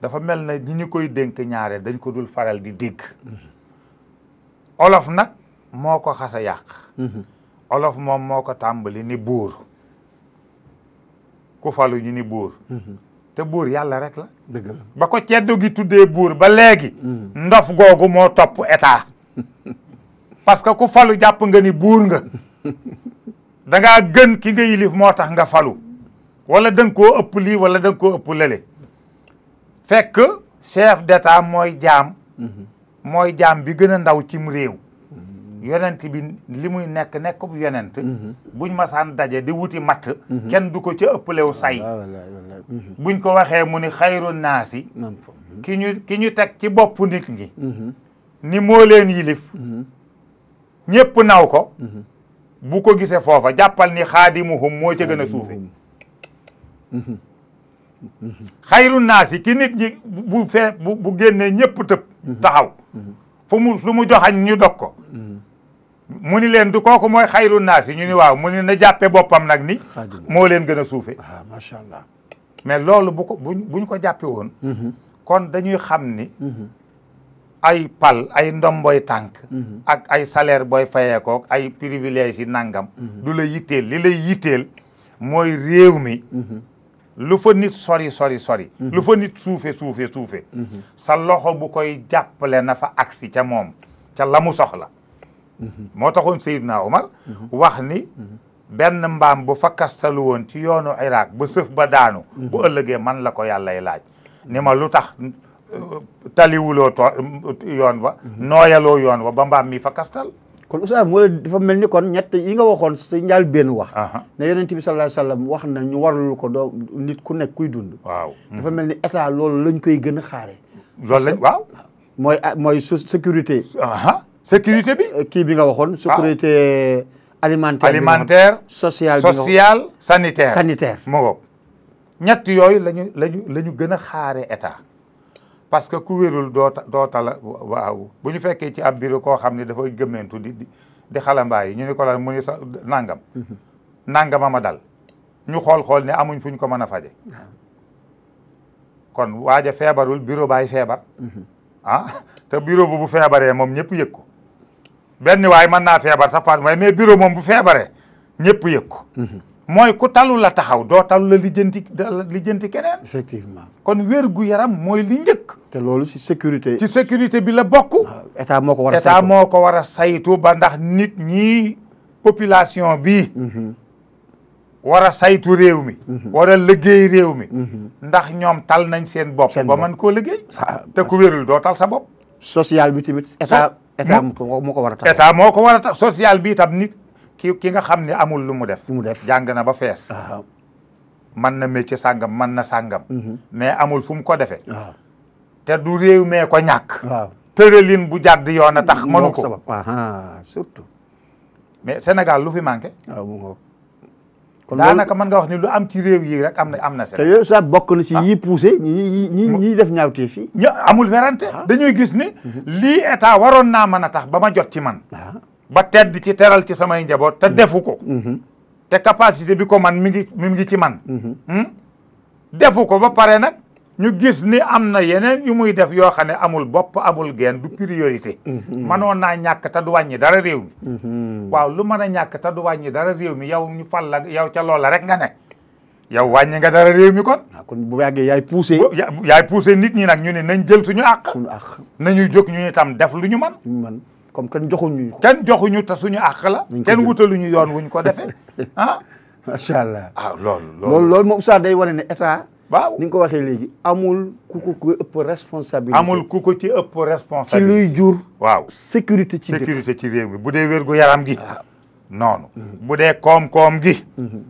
dafa mel na ñi ñu koy dénk ñaare dañ ko dul faral di dégg olof nag moo ko xas a mhm. olof moom moo ko tàmbali ni buur ku falu ñu ni buur mhm. te buur yàlla rek la dëgg la ba ko ceddo gi tuddee buur ba léegi mhm. ndof googu moo topp état parce que ku falu jàpp nga ni buur nga danga gën ki nga yilif moo tax nga falu wala da nga koo ëpp lii wala da nga koo ëpp lële fekk chef d'état mooy jaam mooy jaam bi gën a ndaw cim réew mm-hmm. yonent bi li muy nekk nekkub yonent mm-hmm. buñ masaan daje di wuti matt mm-hmm. kenn du ko ci ëppalew say buñ ko waxee mu ni xayru naasi ki ñu ki ñu teg ci boppu nit ñi ni moo yilif ñépp naw ko bu ko gisee foofa jàppal ni xaadimuhum moo ca gën a suufe xayru naas yi ki nit ñi bu fee bu génnee ñëpp tëb taxaw fu mu lu mu joxañ ñu dog ko mu ni leen du kooku mooy xayru naas yi ñu ni waaw mu ni na jàppe boppam nag ni moo leen gën a suufe ah, macha allah mais loolu bu ko buñ ko jàppe woon mhm. kon dañuy xam ni mhm. ay pal ay ndomboy tànk mhm. ak ay salaire booy fayeekook ay privilège yi nangam du la yitteel li lay yitteel mooy réew mi lu fa nit sori sori sori mhm. lu fa nit suufe suufe suufe mhm. sa loxo bu koy jàppale na fa agsi ca moom ca la mu soxla mhm. moo taxoon Seydina Omar wax ni benn mbaam bu fa kastalu woon ci yoonu Irak ba sëf ba daanu bu ëllëgee man la ko yàllay laaj ni ma lu tax euh, taliwuloo to yoon wa nooyaloo yoon wa ba mbaam mi fa kastal kon oustaz moo la dafa mel ni kon ñett yi nga waxoon si njaal benn wax ne yonent bi sallallahu alayhi wasallam wax na ñu warlu ko doo nit ku nekk kuy dund waaw dafa mel ni état loolu lañ koy gën a xaare loolu lañ waaw mooy mooy su sécurité sécurité bi euh, kii bi nga waxoon ah. sécurité euh, alimentaire alimentaire sociale sociale sanitaire sanitaire moo ñett yooyu lañu lañu la ñu gën a xaare état parce que ku wérul doo doo tala waaw bu ñu fekkee ci ab bureau koo xam ne dafay gëmmentu di di xalambaay yi ñu ni ko la mu ni sa nangam mm-hmm. nangama ma dal ñu xool-xool ni amuñ fuñ ko mën a faje kon waaja feebarul bureau baay feebar mm-hmm. ah, te bureau bu bu feebaree moom ñëpp yëg ko benn waaye mën naa feebar sax faat waaye mais bureau moom bu feebaree ñëpp yëg ko mm-hmm. mooy ku talu la taxaw doo talu la lijjanti lijjanti keneen. effectivement kon wér yaram mooy li njëkk. te loolu ci sécurité. ci sécurité bi la bokk. état moo ko war a saytu moo ko war a saytu ba ndax nit ñi population bi. Mhm. war a saytu réew mi. Mhm. war a liggéey réew mi. Mhm. ndax ñoom tal nañ seen bopp. ba man koo liggéey. Ah, te ku wérul doo tal sa bopp. social bi tamit état état moo ko war a taxaw moo ko war a tax social bi tam nit. ki ki nga xam ne amul lu mu def. lu mu def jàng na ba fees. mën na métier sàngam man na sàngam. Mhm. mais amul fu mu ko defee. te du réew mee ko ñàkk. waaw bu jàdd yoon a tax. mënu ko surtout. mais Sénégal lu fi manqué. waaw kon daanaka mën nga wax ni lu am ci réew yi rek am na am na. te yooyu sax bokk na ci ah. yi poussé ñi ñi def ñaawtee fii. ñu amul werante ah. dañuy gis ni. Mhm. lii état waroon naa mën a tax ba ma jot ci man. Ah. ba tedd ci teral ci samay njaboot te defu ko mm-hmm. te capacité bi ko man mi ngi mi ngi ci man mm-hmm. hmm? defu ko ba pare nag ñu gis ni am na yeneen yu muy def yoo xam ne amul bopp amul geen du priorité mënoon mm-hmm. naa ñàkk te du wàññi dara réew waaw lu mën a ñàkk wàññi dara réew mi yow ñu fal la yow ca loola rek nga ne yow wàññi nga dara réew mi kon ah, kon bu yàggee yaay poussé yaay poussé nit ñi nag ñu ne nañ jël suñu àq suñu àq nañu jóg ñu ne tam def lu ñu man comme kenn joxuñu ko. kenn joxuñu te suñu àq la. kenn wutaluñu yoon wuñ ko defee ah. macha allah ah loolu. loolu loolu moom wane ne état. waaw ni nga ko waxee léegi amul ku ko ku ëpp responsabilité. amul ku ko ci ëpp responsabilité. ci luy jur. waaw sécurité ci sécurité ci réew bu dee wér gu yaram gi. Ah. noonu. Mm-hmm. bu dee koom-koom gi. Mm-hmm.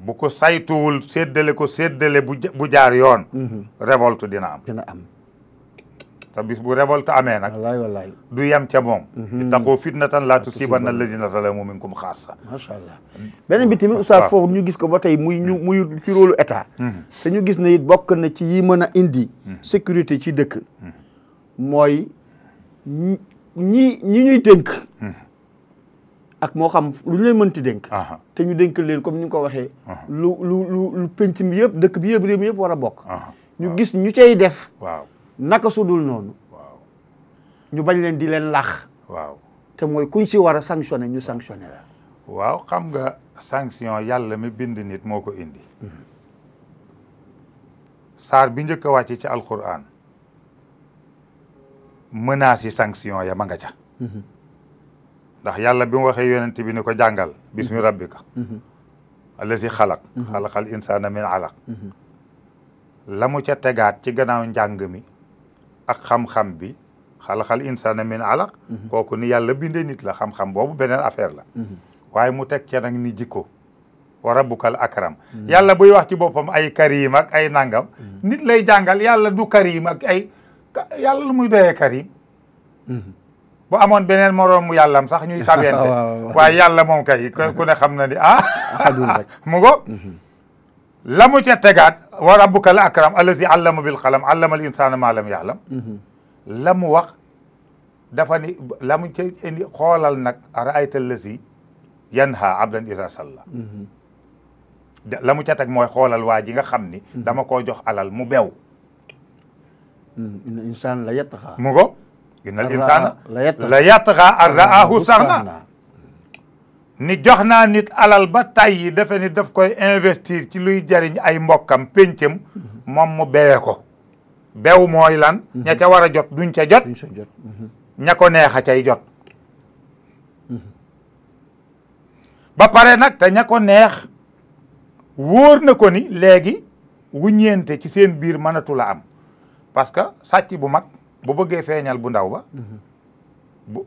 bu ko saytuwul séddale ko séddale bu bu jaar yoon. Mm-hmm. révolte dina am dina am. te bis bu révolte amee nag wallaay wallaay du yam ca moom mhm. ittaqoo fitnatan laa tusiibanna allaziina zalamu minkum xaassa macha allah beneen bi tamit oustaz foofu ñu gis ko ba tey muy ñu muy ci rôlu état mhm. te ñu gis ne it bokk na ci yi mën a indi mhm. sécurité ci dëkk mooy ñi ñi ñuy dénk ak moo xam lu ñu leen mënti dénk te ñu dénk leen comme ni nga ko waxee lu lu lu penc mi yëpp dëkk bi yëpp réew mi yëpp war a bokk ñu gis ñu cay def waaw naka su dul noonu. ñu bañ leen di leen lax. waaw te mooy kuñ si war a sanctionné ñu sanctionné waaw xam nga sanction yàlla mi bind nit moo ko indi. Mhm. saar bi njëkk a wàcc ci alquran menaces yi sanction yam a nga ca. Mhm. ndax yàlla bi mu waxee yonent bi ko jàngal. Mhm. bismi rabbika. allazi xalaq. xalaqal insaana min alaq. la mu ca tegaat ci gannaaw njàng mi. ak xam-xam bi xalaxal insaana min alaq mhm. kooku ni yàlla binde nit la xam-xam boobu beneen affaire la mhm. waaye mu teg ca nag ni jikko wa rabbukal akram mhm. yàlla buy wax ci boppam ay karim ak ay nangam nit lay jàngal yàlla du karim ak ay yàlla lu muy doyee karim boo amoon beneen moroomu yàllam sax ñuy tabente waaye yàlla moom kay ku ne xam na ni ah mu go la mu ca tegaat wa rabbuka la akram allazi allama bil qalam allama al insana ma lam ya'lam mhm. la mu wax dafa ni la mu ca indi xoolal nag araayta allazi yanha abdan iza salla mhm. la mu ca teg mooy xoolal waa ji nga xam ni mhm. dama koo jox alal mu bew inna insaan la yatxa mu ngo inna al insana la yatxa ar ra'ahu sarna ni jox naa nit alal ba tay yi dafa ni daf koy investir ci luy jariñ ay mbokkam péncam moom mu bewe ko bew mooy lan mhm. ña ca war a jot duñ ca jot mhm. ña ko neex a cay jot mhm. ba pare nag te ña ko neex wóor na ko ni léegi wuññeente ci seen biir mënatu la am parce que sàcc bu mag bu bëggee feeñal bu ndaw ba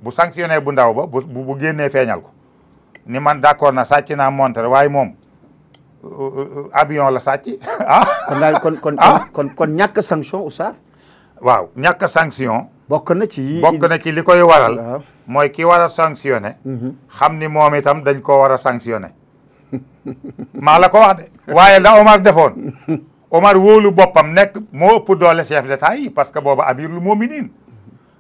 bu sanctionné bu ndaw ba bu bu génnee feeñal ko ni man d'accord na sàcc naa montre waaye moom euh, abion la sàcc ah. kon daal kon kon ah. kon kon ñàkk sanction oustaz. waaw ñàkk sanction. bokk na ci bokk na li koy waral. Ah. mooy ki war a sanctionné. Mhm. ni moom itam dañ koo war a sanctionné. maa la ko wax de waaye da Omar defoon Omar wóolu boppam nekk moo ëpp doole chef d'état yi parce que booba amirul muminin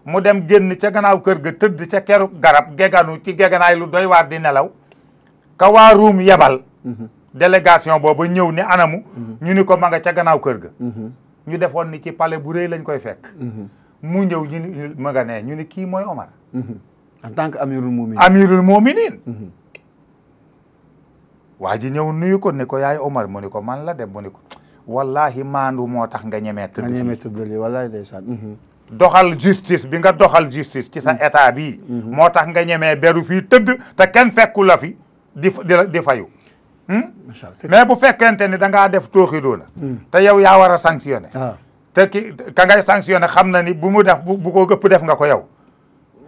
mu dem génn ca ganaaw kër ga tëdd ca keru garab geganu ci geganaay lu doy waar di nelaw ka waa ruum yebal mhm. délégation boobu ñëw ni anamu mhm. ñu ni ko ma ca gannaaw kër ga mhm. ñu defoon ni ci pale bu rëy lañ koy fekk mu ñëw ñu ni nee ñu ni kii mooy Omar tant que amirul muminin amirul muminin waa ji ñëw nuyu ko ni ko yaay Omar mu ni ko man la dem mu ni ko wallahi maandu moo tax nga ñemee tëdd nga ñemee tëdd wallaahi ndeysaan doxal justice bi nga doxal justice ci sa mm. état bii mm-hmm. moo tax nga ñemee beru fii tëdd te kenn fekku la fi di di fayu hmm? mais bu fekkente ni da ngaa def tooxidoo la mm. te yow yaa war a sanctionné ah. te ki ka ngay sanctionné xam na ni bu mu def bu ko gëpp def nga ko yow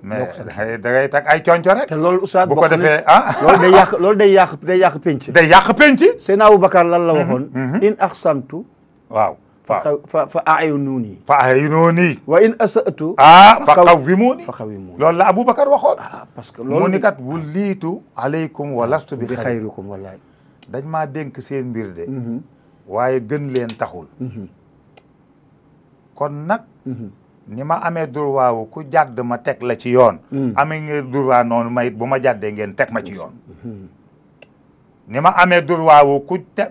mais da ngay tag ay conco rek. te loolu oustaz bu ko defee ah. loolu day yàq loolu day yàq day yàq penc. day yàq penc. Seydina Aboubacar lan la mm-hmm. waxoon. Mm-hmm. in ahsantu waaw. fa fa ayunuuni. fa ayunuuni. wa in asatu. ah fa xawimuuni fa xawimuuni. la Aboubacar waxoon. ah parce que loolu mu ni kat wul liitu. aleykum wa lastu bi ah, xayrikum wallaay. dañ maa dénk seen mbir de. Mm-hmm. waaye gën leen taxul. Mm-hmm. kon nag. Mm-hmm. ni ma amee droit wu ku jàdd ma teg la ci yoon. Mm. amee ngeen droit noonu ma bu ma jàddee ngeen teg ma ci yoon.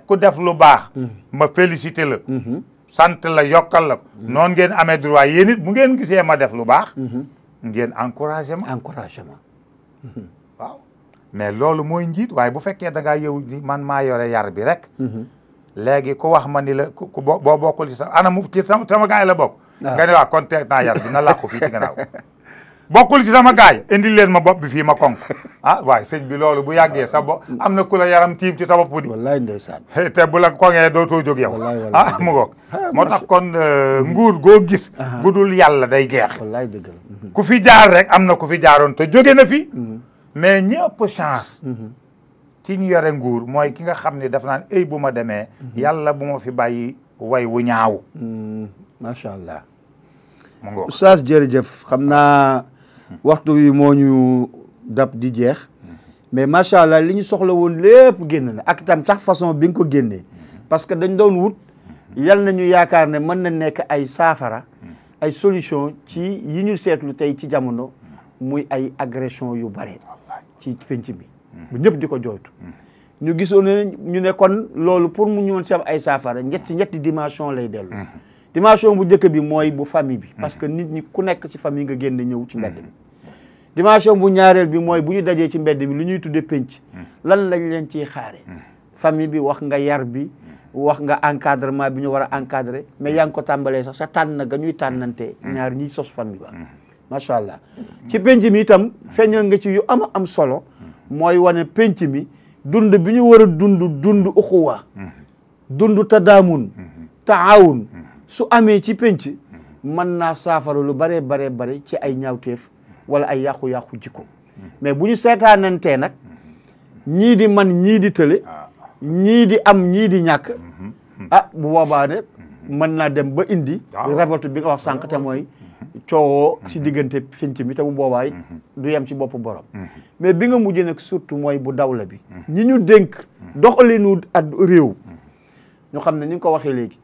ku def lu baax. ma félicité la. sant la yokkal la noonu ngeen amee droit yéen it bu ngeen gisee ma def lu baax. Mhm. ngeen encouragé ma. encouragé mhm. waaw. mais loolu mooy njiit waaye bu fekkee da ngaa yow di man maa yore yar bi rek. Mhm. léegi ko wax ma ni la ku boo bokkul ci sa anam ci sama sama gars yi la bokk. Ah. nga ne waaw kon teg yar bi na làqu fii ci gannaaw. bokkul ci sama gaay indil leen ma bopp bi fii ma konk ah waaye sëñ bi loolu bu yàggee sa bopp am na ku la yaram tiim ci sa bopp di wallaay ndeysaan te bu la kongee dootoo jóg yow ah mu ngoog moo tax kon euh, nguur goo gis bu dul yàlla day geex wallaay dëgg ku fi jaar rek am na ku fi jaaroon te jóge na fi mhm. mais ñi ëpp chance mhm. ci ñu yore nguur mooy ki nga xam ne dafa naan ay bu ma demee mhm. yàlla bu ma fi bàyyi way wu ñaaw macha allah mu waxtu wi moo ñu dab di jeex mais macha allah li ñu soxla woon lépp génn na ak itam sax façon bi nga ko génnee parce que dañ doon wut yal nañu yaakaar ne mën na nekk ay saafara ay solution ci yi ñu seetlu tey ci jamono muy ay agression yu bare ci penc mi bu ñëpp di ko jooytu ñu gisoon ne ñu ne kon loolu pour mu ñu mën ay saafara ñetti ñetti dimension lay dellu mm-hmm. dimension bu njëkk bi mooy bu famille bi parce que nit ñi ku nekk ci famille nga génn ñëw ci mbedd dimension bu ñaareel bi mooy bu ñu dajee ci mbedd mi lu ñuy tudde penc lan lañ leen ci xaare hmm. famille bi wax nga yar bi wax nga encadrement bi ñu war a encadrer mais hmm. yaa ngi ko tàmbalee sax sa tànn ga ñuy tànnante hmm. ñaar ñiy sos famille ba macha allah ci pénc mi itam feeñal nga ci yu ama am solo mooy wane penc mi dund bi ñu war a dund dund uxuwa dund tadaamun taawun su amee ci penc mën naa saafara lu bare bare bare ci ay ñaawteef wala ay yàqu-yàqu jikko mais bu ñu seetaanantee nag ñii di man ñii di tële ñii di am ñii di ñàkk ah, ah bu boobaa ne mën naa dem ba indi révolte bi nga wax sànq te mooy coowoo si diggante finc mi te bu boobaay du yem si boppu borom mais bi nga mujjee nag surtout mooy bu dawla bi ñi ñu dénk doxalinu at réew ñu xam ne ñu nga ko waxee léegi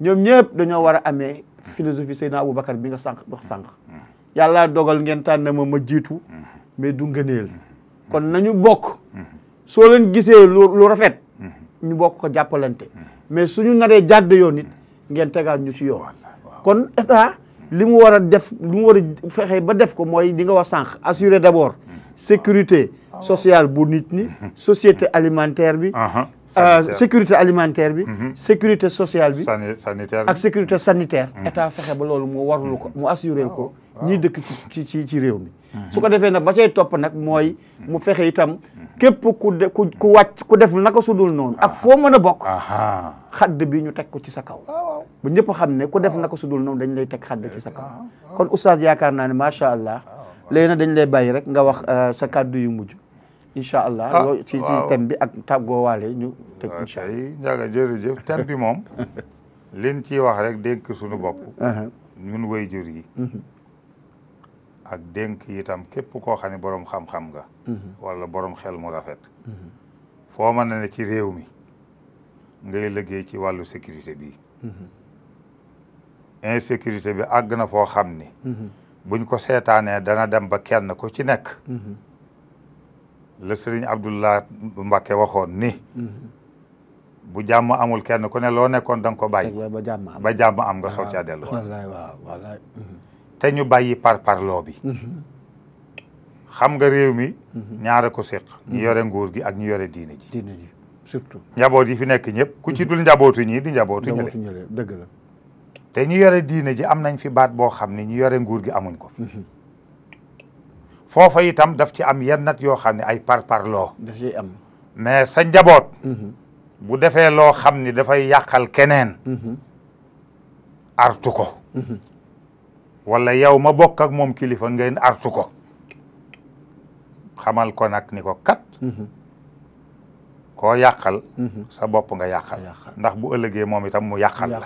ñoom ñëpp dañoo war a amee philosophie bu Aboubacar bi nga sànq wax sànq yàlla dogal ngeen tànn ma ma jiitu mais du ngëneel kon nañu bokk soo leen gisee lu rafet ñu bokk ko jàppalante mais suñu naree jàdd yoon it ngeen tegaat ñu ci yoon kon état li mu war a def li mu war a fexe ba def ko mooy di nga wax sànq assurer d'abord sécurité ah, sociale bu nit ñi société alimentaire bi uh-huh. Euh, sécurité alimentaire bi. Mhm. sécurité sociale bi. sanitaire ak sécurité sanitaire. Mhm. état fexe ba loolu mu warul ko mu assuré ko oh, ñiy dëkk ci ci ci réew mi. Mhm. su ko defee nag ba cay topp nag mooy mu fexe itam képp ku de ku ku wàcc ku def naka su dul noonu. ak ah. foo mën a bokk. xadd bi ñu teg ko ci sa kaw. Oh, ba ñëpp xam ne ku def oh. naka su dul noonu dañ lay teg xadd ci sa kaw. kon oustaz yaakaar naa ne macha allah léegi nag dañ lay bàyyi rek nga wax euh, sa kàddu yu mujj. incha allah ah, waaw ci bi ak tàggoowaale ñu. teg incha allah bi moom. liñ ciy wax rek dénk suñu bopp. Uh-huh. jur yi. Uh-huh. dénk itam képp koo xam ne borom xam-xam nga. Uh-huh. xel mu rafet. foo mën na ne ci réew mi ngay liggéey ci wàllu sécurité bi. insécurité bi àgg na foo xam ni. ko seetaanee dana dem ba kenn ku ci nekk. la sëriñ Abdullah Mbacke waxoon ni. bu jàmm amul kenn ku ne loo nekkoon da nga ko bàyyi. ba jàmm am ba jàmm am nga soog ah, caa dellu. wallaay mhm. te ñu bàyyi par parloo bi. Mhm. xam nga réew mi. Mhm. ñaara ko séq. ñu yore nguur gi ak ñu yore diine ji. diine ji surtout. jaboot yi fi nekk ñëpp. ku ci dul njabootu ñii di njabootu ñële. njabootu ñële dëgg la. te ñu yore diine ji am nañ fi baat boo xam ne ñu yore nguur gi amuñ ko. foofa itam daf ci am yenn nag yoo xam ne ay par parloo daf ciy am mais sa njaboot mhm. bu defee loo xam ni dafay yàqal keneen mhm. artu ko mhm. wala yow ma bokk ak moom kilifa ngeen artu ko xamal ko nag ni ko kat koo yàqal sa bopp nga yàqal ndax bu ëllëgee moom itam mu yàqal la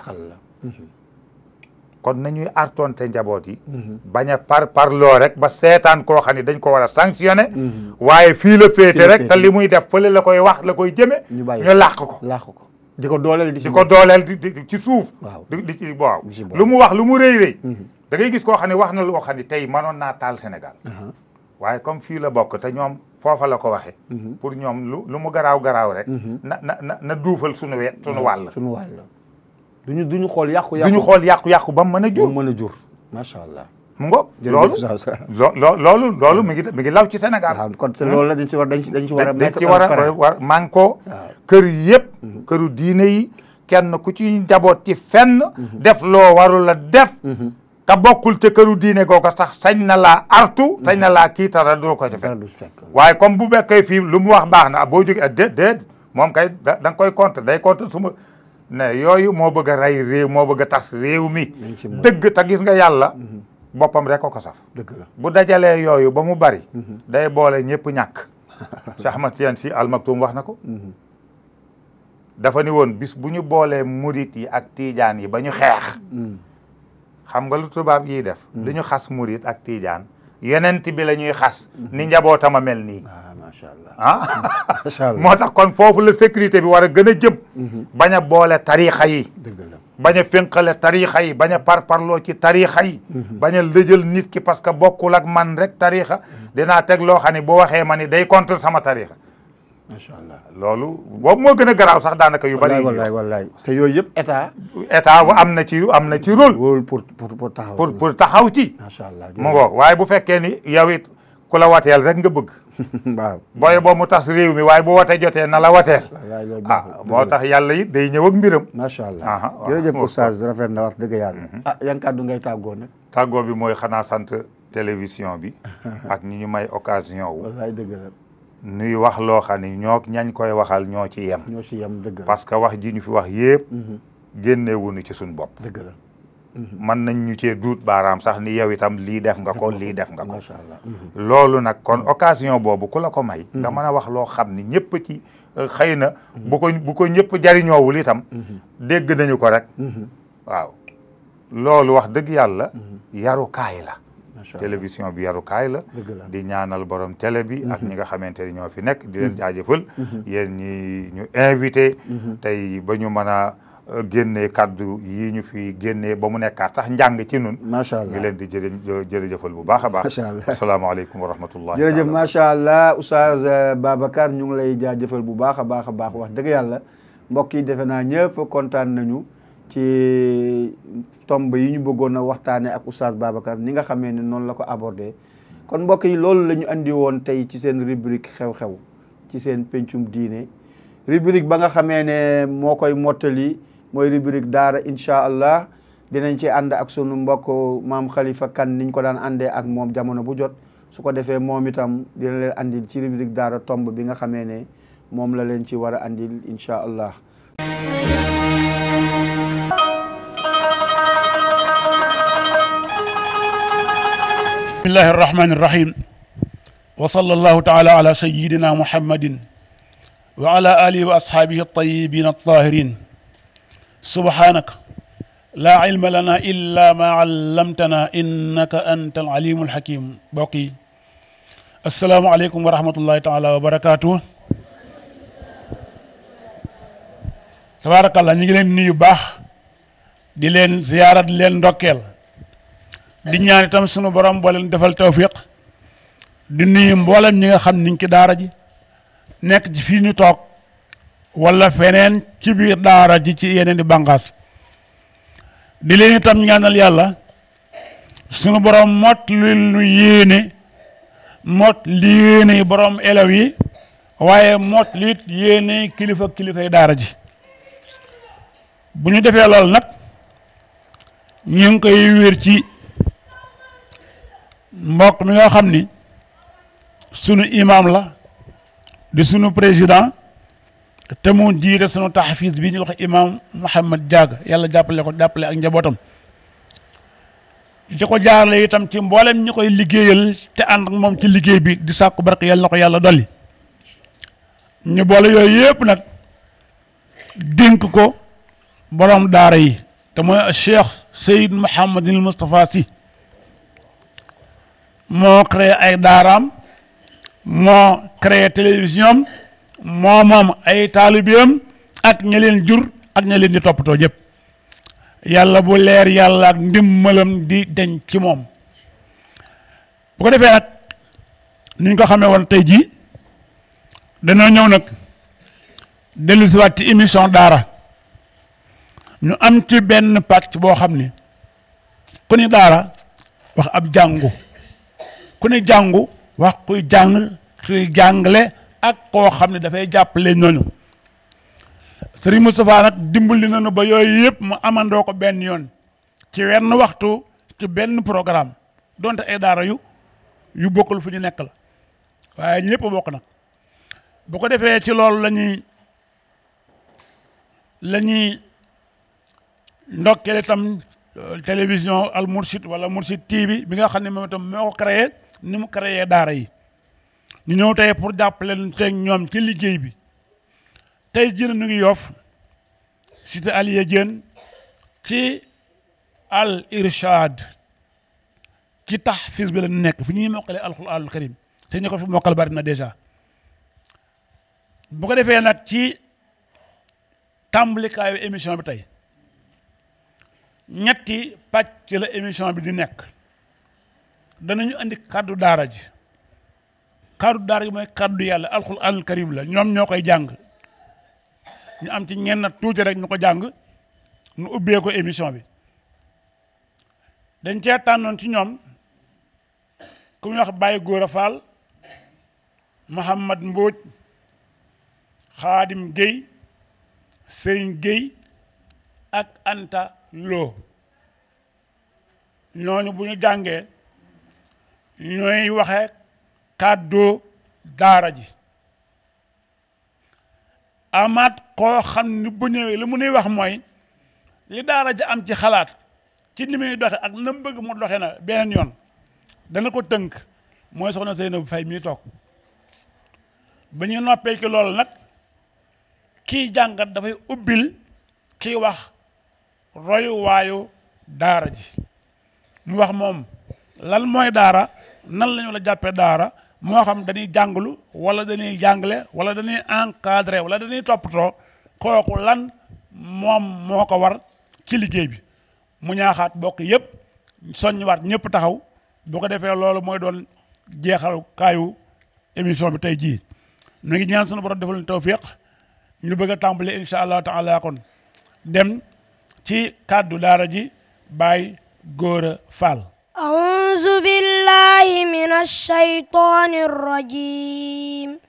kon nañuy artonte njaboot yi. Mhm. bañ a par loo rek ba seetaan koo xam ne dañ ko war a sanctionné. Mhm. waaye fii la féete rek te li muy def fële la koy wax la koy jëme ñu làq ko làq ko. di ko dooleel di ko dooleel di ci suuf. waaw di ci waaw lu mu wax lu mu rëy rëy. Mhm. da gis koo xam ne wax na loo xam ne tey manoon naa taal Sénégal. waaye comme fii la bokk te ñoom foofa la ko waxee. pour ñoom lu lu mu garaaw garaaw rek. na na na duufal suñu wet suñu wàll. suñu duñu duñu xool yàqu-yàqu duñu xool yàqu-yàqu ba mu mën a jur mën a jur macha allah mu ngoog loolu loolu loolu mi ngi mi ngi law ci senegal kon loolu la dañ ci war dañ ci war a dañ ci war a war man ko kër yëpp mhm. këru diine yi kenn ku ci njaboot ci fenn mhm. def loo warul la def mhm. te bokkul te këru diine googa sax sañ na laa artu sañ na laa kii tara du ko ci fekk waaye comme bu fekkee fii lu mu wax baax na boo jógee déet moom kay da nga koy contre day contre suma ne yooyu moo bëgg a rey réew moo bëgg a tas réew mi dëgg te gis nga yàlla mhm. boppam rek ko ko saf dëgg bu dajalee yooyu ba mu bari mhm. day boole ñëpp ñàkk Cheikh Ahmad si Sy wax na ko mhm. dafa ni woon bis bu ñu boolee murit yi ak tiijaan yi ba ñu xeex xam nga lu tubaab yiy def lu ñu xas murit ak tiijaan yonent bi la ñuy xas ni njabootam a mel nii ah. macha allah ah. moo tax kon foofu la sécurité bi war a gën a jëm. Mhm. bañ a boole tariixa yi. dëgg la bañ a fénqale tariixa yi bañ a parparloo ci tariixa yi. Mhm. bañ a lëjal nit ki parce que bokkul ak man rek tariixa. Mhm. dinaa teg loo xam ne boo waxee ma ni day contre sama tariixa. allah loolu boobu moo gën a garaaw sax daanaka yu bari wallaay wallaay te yooyu yëpp état état am na ci am na ci rôle pour pour pour taxaw ci macha allah mu ngoo waaye bu fekkee ni yow ku la wateel rek nga bëgg. waaw booy boo mu tas réew mi waaye bu watee jotee na la wateel. ah moo tax yàlla it day ñëw ak mbiram. macha allah ah, ah, ah, jërëjëf oustaz rafet na wax dëgg yàlla. Mhm. ah yan kàddu ngay tàggoo nag. tàggoo bi mooy xanaa sant télévision bi. ak ñu ñu may occasion wu. wallaay dëgg nuy wax loo xam ne ñoo ñañ koy waxal ñoo ci yem. ñoo ci yem dëgg parce que wax ji ñu fi wax yëpp. Mhm. génneewuñu ci suñu bopp. mën nañ ñu cee duut baaraam sax ni yow itam lii def nga ko lii def nga ko mhm. loolu nag kon occasion boobu ku la ko may mhm. nga mën a wax loo xam ni ñëpp ci euh, xëy na mhm. bu ko bu ko ñëpp jariñoowul itam dégg nañu ko rek waaw loolu wax dëgg yàlla yarukaay la télévision bi yarukaay la di ñaanal borom télé bi ak ñi nga xamante ni ñoo fi nekk di leen jaajëfal yéen ñi ñu invité tey ba ñu mën a génne kàddu yi ñu fi génnee ba mu nekkaat sax njàng ci nun macha allah ngi leen di jërë jërëjëfal bu baax a baax. macha allah asalaamaaleykum wa rahmatullah. jërëjëf macha allah Oustaz euh, Babacar ñu ngi lay jaa jëfal bu baax a baax a baax wax dëgg yàlla mbokk yi defe naa ñëpp kontaan nañu ci tomb yi ñu bëggoon a waxtaanee ak Oustaz Babacar ni nga xamee ne noonu la ko abordé kon mbokk yi loolu lañu indi woon tey ci seen rubrique xew-xew ci seen pencum diine rubrique ba nga xamee ne mottali. mooy rubrique daara incha allah dinañ ci ànd ak sunu mbokk maam Khalifa Kane niñ ko daan àndee ak moom jamono bu jot su ko defee moom itam dina leen andil ci rubrique daara tomb bi nga xamee ne moom la leen ci war a andil incha allah. bismillahi arrahmani irrahim wa salla allahu taala ala sayidina muhammadin wa ala alihi wa ashaabihi altayibin altahirin subhaanaka laa ilma lana illa ma allamtana innaka anta al alimul hakim mbokk yi asalaamualeykum wa rahmatullahi taala wa barakaatu tabaarakallah ñu ngi leen nuyu baax di leen ziyaara di leen ndokkeel di ñaan itam sunu borom boo leen defal tawfiq di nuyu mboolem ñi nga xam niñ ci daara ji nekk ci fii ñu toog wala feneen ci biir daara ji ci yeneen di bànqaas di leen itam ñaanal yàlla sunu borom mot li nu mot li yéene borom élèves yi waaye mot liit yéene kilifa kilifay daara ji bu ñu defee lool nag ñu ngi koy wér ci mbokk mi nga xam ni sunu imaam la di sunu président te moo jiire sunu taxafiis bi ñu wax imaam Mouhamed Diaga yàlla jàppale ko jàppale ak njabootam di ko jaarale itam ci mboolem ñi koy liggéeyal te ànd moom ci liggéey bi di sàkku barke yàlla ko yàlla dolli ñu boole yooyu yëpp nag dénk ko borom daara yi te mooy Cheikh Seyd Mouhamadinil Moustapha Sy moo créé ay daaraam moo créé télévision moo moom ay taalibeem ak ña leen jur ak ña leen di toppatoo ñëpp yàlla bu leer yàlla ak ndimbalam di deñ ci moom bu ko defee nag nuñ ko xamee woon tey jii dañoo ñëw nag dellu si ci émission daara ñu am ci benn pàcc boo xam ni ku daara wax ab jàngu ku jàngu wax kuy jàng kuy jàngale ak koo xam ne dafay jàppale ñooñu Serigne Moustapha nag dimbali nañu ba yooyu yëpp mu amandoo ko benn yoon ci wenn waxtu ci benn programme donte ay daara yu yu bokkul fu ñu nekk la waaye ñëpp bokk nag bu ko defee ci loolu la ñuy la ñuy ndokkeel itam euh, télévision Al Mourchid wala Mourchid TV bi nga xam ne moom itam moo ko créé ni mu créé daara yi ñu ñëw tey pour jàppale tey ñoom ci liggéey bi tey jii ñu yoof Yoff cité Alia Diène ci al irshad ci tahfiz bi la nekk fu ñuy mokkale alxuraanul karim te ñu ko fi mokkal bari na dèjà bu ko defee nag ci tàmbalikaayu émission bi tey ñetti pàcc la émission bi di nekk danañu andi kàddu daara ji xaaru daara gi mooy xaddu yàlla alxuraanul karim la ñoom ñoo koy jàng ñu am ci ñenn tuuti rek ñu ko jàng ñu ubbee ko émission bi dañ cee tànnoon ci ñoom ku ñuy wax Baye Gora Fall Mouhamad Mbodj Xaadim Guèye Serigne Guèye ak Anta Lo ñooñu bu ñu jàngee ñooy waxee kàddu daara ji amaat koo xam ni bu li mu nuy wax mooy li daara ji am ci xalaat ci ni doxe ak na bëgg mu doxe na beneen yoon dana ko tënk mooy soxna Seynabou Faye mii toog ba ñu noppee ki loolu nag kiy jàngat dafay ubbil kiy wax royu waayu daara ji mu wax moom lan mooy daara nan lañu la jàppe daara moo xam dañuy jàngalu wala dañuy jàngale wala dañuy encadré wala dañuy toppatoo kooku lan moom moo ko war ci liggéey bi mu ñaaxaat bokk yëpp soññiwaat ñëpp taxaw bu ko defee loolu mooy doon jeexal kaayu émission bi tey jii ñu ngi ñaan sunu borom defal ñu tawfiq ñu bëgg a tàmbali incha allah taala kon dem ci kàddu daara ji Baye góora Fall أعوذ بالله من الشيطان الرجيم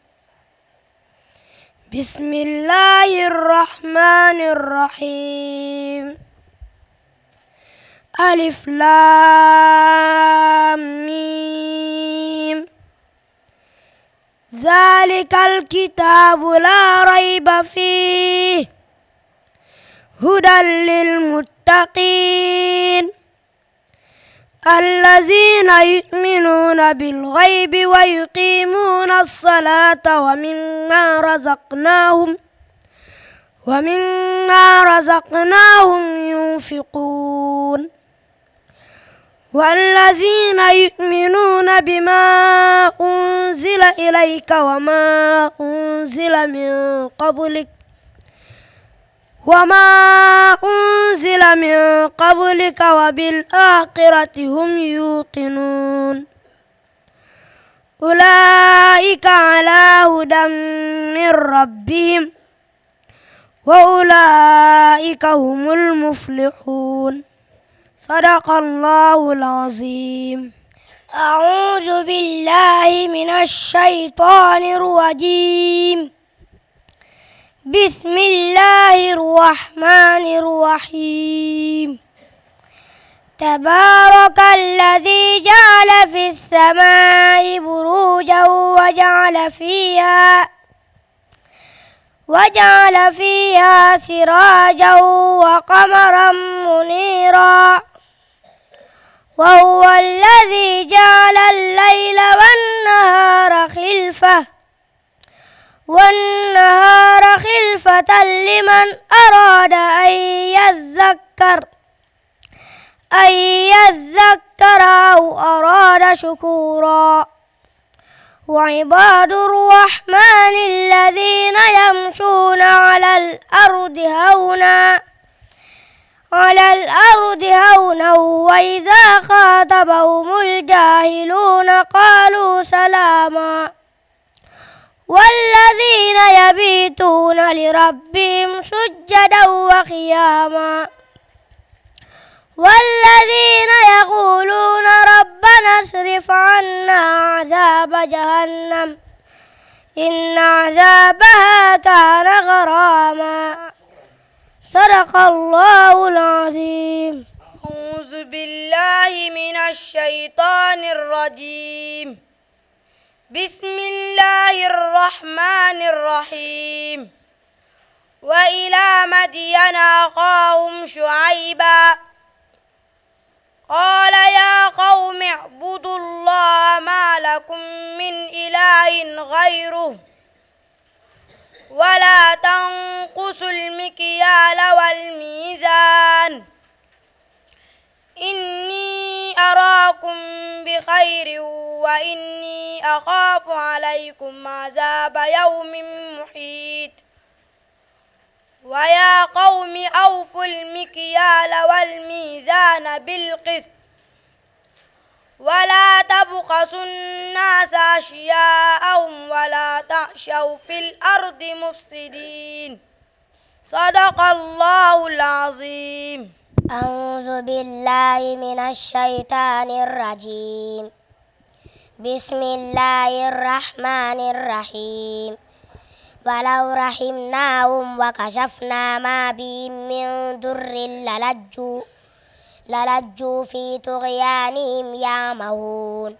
بسم الله الرحمن الرحيم ألف لام ميم ذلك الكتاب لا ريب فيه هدى للمتقين الذين يؤمنون بالغيب ويقيمون الصلاة ومما رزقناهم ومما رزقناهم ينفقون والذين يؤمنون بما أنزل إليك وما أنزل من قبلك وما أنزل من قبلك وبالآخرة هم يوقنون أولئك على هدى من ربهم وأولئك هم المفلحون صدق الله العظيم أعوذ بالله من الشيطان الرجيم بسم الله الرحمن الرحيم تبارك الذي جعل في السماء بروجا وجعل فيها وجعل فيها سراجا وقمرا منيرا وهو الذي جعل الليل والنهار خلفه والنهار خلفة لمن أراد أن يذكر أن يذكر أو أراد شكورا وعباد الرحمن الذين يمشون على الأرض هونا على الأرض هونا وإذا خاطبهم الجاهلون قالوا سلاما والذين يبيتون لربهم سجدا وقياما والذين يقولون ربنا اصرف عنا عذاب جهنم إن عذابها كان غراما صدق الله العظيم أعوذ بالله من الشيطان الرجيم بسم الله الرحمن الرحيم وإلى مدين أخاهم شعيبا قال يا قوم اعبدوا الله ما لكم من إله غيره ولا تنقصوا المكيال والميزان إني أراكم بخير وإني أخاف عليكم عذاب يوم محيط ويا قوم أوفوا المكيال والميزان بالقسط ولا تبخسوا الناس أشياءهم ولا تعشوا في الأرض مفسدين صدق الله العظيم أعوذ بالله من الشيطان الرجيم بسم الله الرحمن الرحيم ولو رحمناهم وكشفنا ما بهم من ضر للجوا للجوا في طغيانهم يعمهون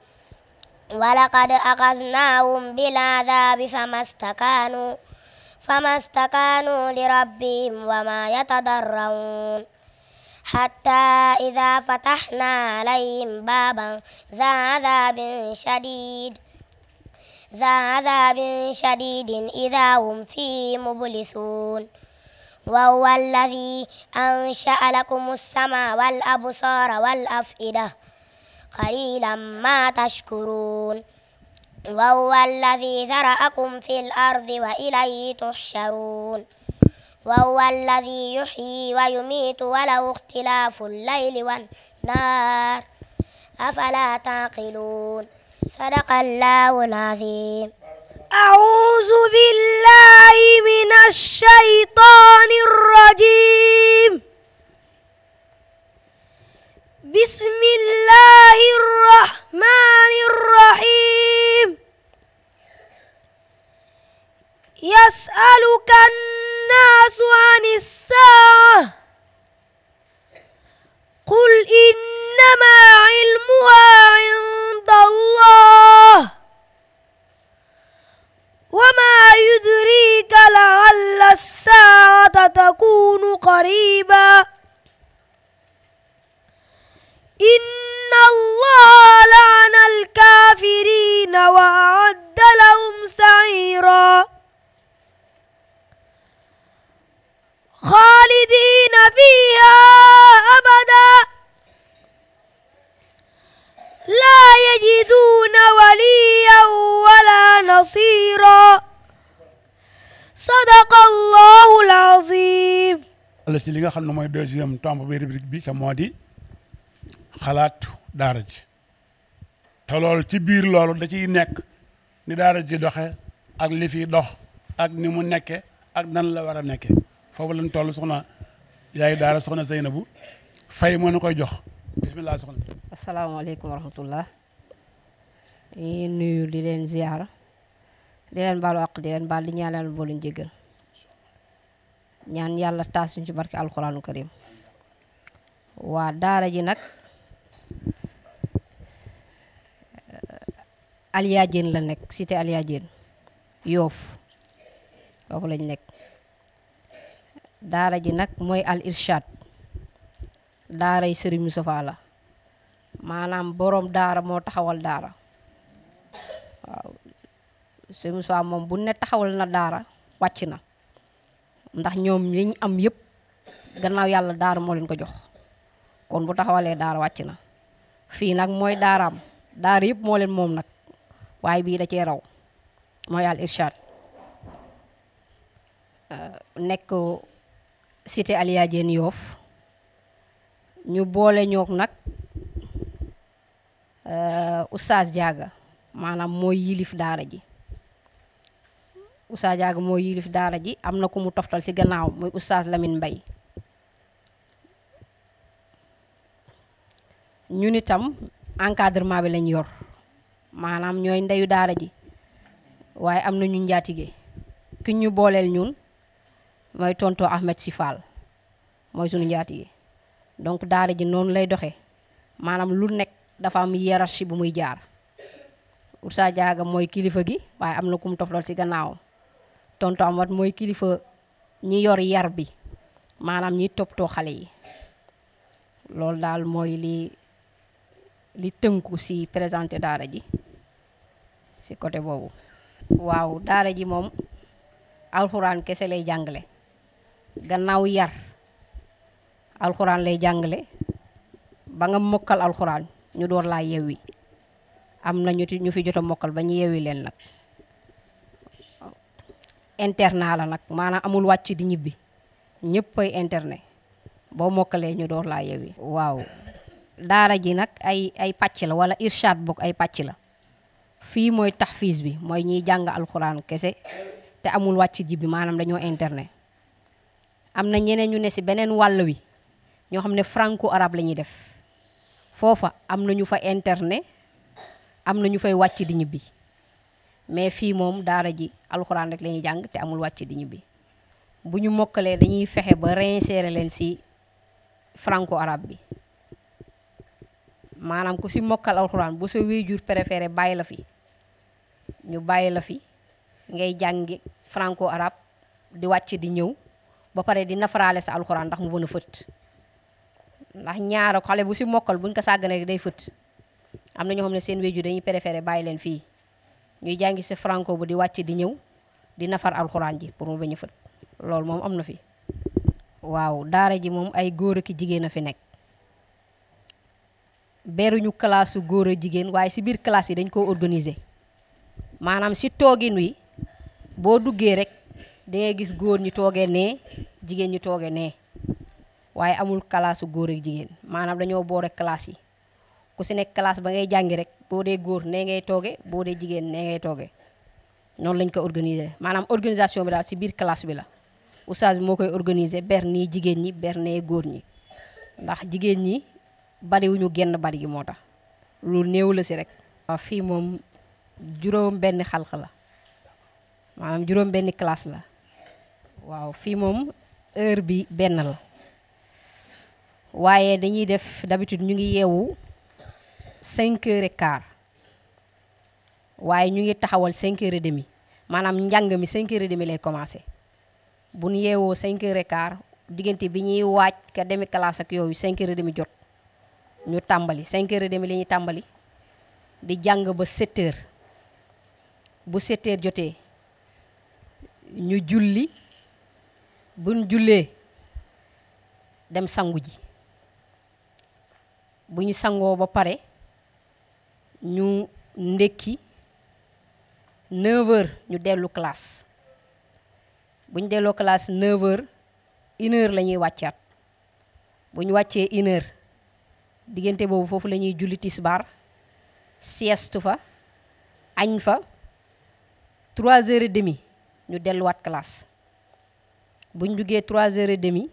ولقد أخذناهم بالعذاب فما استكانوا فما استكانوا لربهم وما يتضرعون حتى إذا فتحنا عليهم بابا ذا عذاب شديد ذا عذاب شديد إذا هم فيه مبلسون وهو الذي أنشأ لكم السمع والأبصار والأفئدة قليلا ما تشكرون وهو الذي ذرأكم في الأرض وإليه تحشرون وهو الذي يحيي ويميت وله اختلاف الليل والنهار أفلا تعقلون صدق الله العظيم أعوذ بالله من الشيطان الرجيم بسم الله الرحمن الرحيم يسألك الناس الناس عن الساعة قل إنما علمها عند الله وما يدريك لعل الساعة تكون قريبا إن الله لعن الكافرين وأعد خالدين فيها أبدا لا يجدون وليا ولا نصيرا صدق الله العظيم wala ci li nga xam ne mooy deuxième tomb bi rubrique bi moo di xalaat daara ji te loolu ci biir loolu da ciy nekk ni daara ji doxe ak li fi dox ak ni mu nekke ak nan la war a nekke foofu lañ toll soxna yaay daara soxna Seynabu fay moo na koy jox bisimilah soxna. asalaamaaleykum wa rahmatullah ñu nuyu di leen ziyaara di leen baalu àq di leen baal di ñaan yàlla taasuñ ñu ci barke alquraanu karim waa daara ji nag Aliya Diène la nekk cité Aliya Diène yoof foofu lañ nekk daara ji nag mooy al irshad daaray Serigne Moustapha la maanaam boroom daara moo taxawal daara waaw Serigne moom bu ne taxawal na daara wàcc na ndax ñoom liñ am yépp gannaaw yàlla daara moo leen ko jox kon bu taxawalee daara wàcc na fii nag mooy daaraam daara yépp moo leen moom nag waaye bii da cee raw mooy al irshad nekk cité Alia Diène ñu boole ñoog nag euh, Oustaz Diaga maanaam mooy yilif daara ji Oustaz Diaga mooy yilif daara ji am na ku mu toftal ci gannaaw muy Oustaz Lamine mbay ñun itam encadrement bi lañ yor maanaam ñooy ndeyu daara ji waaye am na ñu njaatige ki ñu booleel ñun mooy tonto Ahmed si Fall mooy sunu njaat yi donc daara ji noonu lay doxee maanaam lu nekk dafa am hiérarchie bu muy jaar Oustaz Diaga mooy kilifa gi waaye am na kum toflal si gannaaw tonto Ahmed mooy kilifa ñi yor yar bi maanaam ñi toppatoo xale yi loolu daal mooy li li tënku si présenté daara ji si côté boobu waaw daara ji moom alxuraan kese lay jàngale gannaaw yar alxuraan lay jàngale ba nga mokkal alxuraan ñu door laa yewwi am na ñu ñu fi jot a mokkal ba ñu yewwi leen nag internat la nag maanaam amul wàcc di ñibbi ñëppay internet boo mokkalee ñu door laa yewwi waaw daara ji nag ay ay pàcc la wala irshad book ay pàcc la fii mooy tax fiis bi mooy ñuy jàng alxuraan kese te amul wàcc ji bi maanaam dañoo internet am na ñeneen ñu ne si beneen wàll wi ñoo xam ne franco arabe la ñuy def foofa am na ñu fa internet am na ñu fay wàcc di ñibbi mais fii moom daara ji alxuraan rek la jàng te amul wàcc di ñibbi bu ñu mokkalee dañuy fexe ba réinsérer leen si franco arabe bi maanaam ku si mokkal alxuraan bu sa waajur préféré bàyyi la fi ñu bàyyi la fi ngay jàngi franco arabe di wàcc di ñëw. ba pare di nafaraale sa alxuraan ndax mu mën a fëtt ndax ñaara xale bu si mokkal buñ ko sàggane day fët am na ñoo xam ne seen wéju dañuy préféré bàyyi leen fii ñuy jàngi si franco bu di wàcc di ñëw di nafar alxuraan ji pour mu bañ a fëtt loolu moom am na fi waaw daara ji moom ay góor ak jigéen a fi nekk beruñu kalaasu góor a jigéen waaye si biir classe yi dañ koo organise maanaam si toogin wi boo duggee rek dangay gis góor ñi toogee nee jigéen ñi tooge nee waaye amul kalaasu góor ak jigéen maanaam dañoo boore classe yi ku si nekk classe ba ngay jàngi rek boo dee góor nee ngay tooge boo dee jigéen nee ngay tooge ñoom lañ ko organiser maanaam organisation bi daal si biir classe bi la oustaz moo koy organiser ber nii jigéen ñi ber nee góor ñi ndax jigéen ñi bariwuñu genn bari gi moo tax lu néew la si rek waaw fii moom juróom benn xalq la maanaam juróom benn la waaw fii moom heure bi benn la waaye dañuy def d'habitude ñu ngi yeewu cinq heures et quart waaye ñu ngi taxawal cinq et demi maanaam njàng mi cinq heures et demi lay commencé bu ñu yeewoo cinq et quart diggante bi ñuy waaj ka demi classe ak yooyu cinq heures et demi jot ñu tàmbali cinq et demi lañuy tàmbali di jàng ba sept bu sept jotee ñu julli buñ jullee dem sangu ji bu ñu sangoo ba pare ñu ndekki 9 ñu dellu classe bu ñu delloo classe 9h 1 la ñuy wàccaat bu ñu wàccee 1 diggante boobu foofu la ñuy julli tisbaar sieste fa añ fa 3h30 ñu delluwaat classe buñ jugee trois heures et demie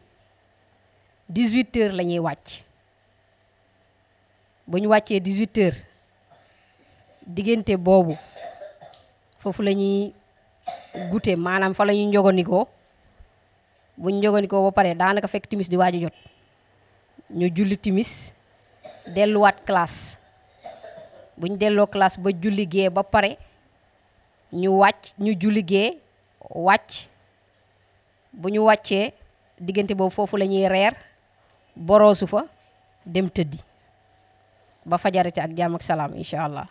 dix-huit heures la ñuy wàcc ñu wàccee dix-huit heures diggante boobu foofu la ñuy goûter maanaam fa la ñuy njogonikoo buñ njogonikoo ba pare a fekk timis di waaju jot ñu julli timis delluwaat classe buñ delloo classe ba julli gee ba pare ñu wàcc ñu julli gee wàcc bu ñu wàccee diggante boobu foofu la ñuy reer boroosu fa dem tëddi ba fajarete ak jàmm ak salaam incha allah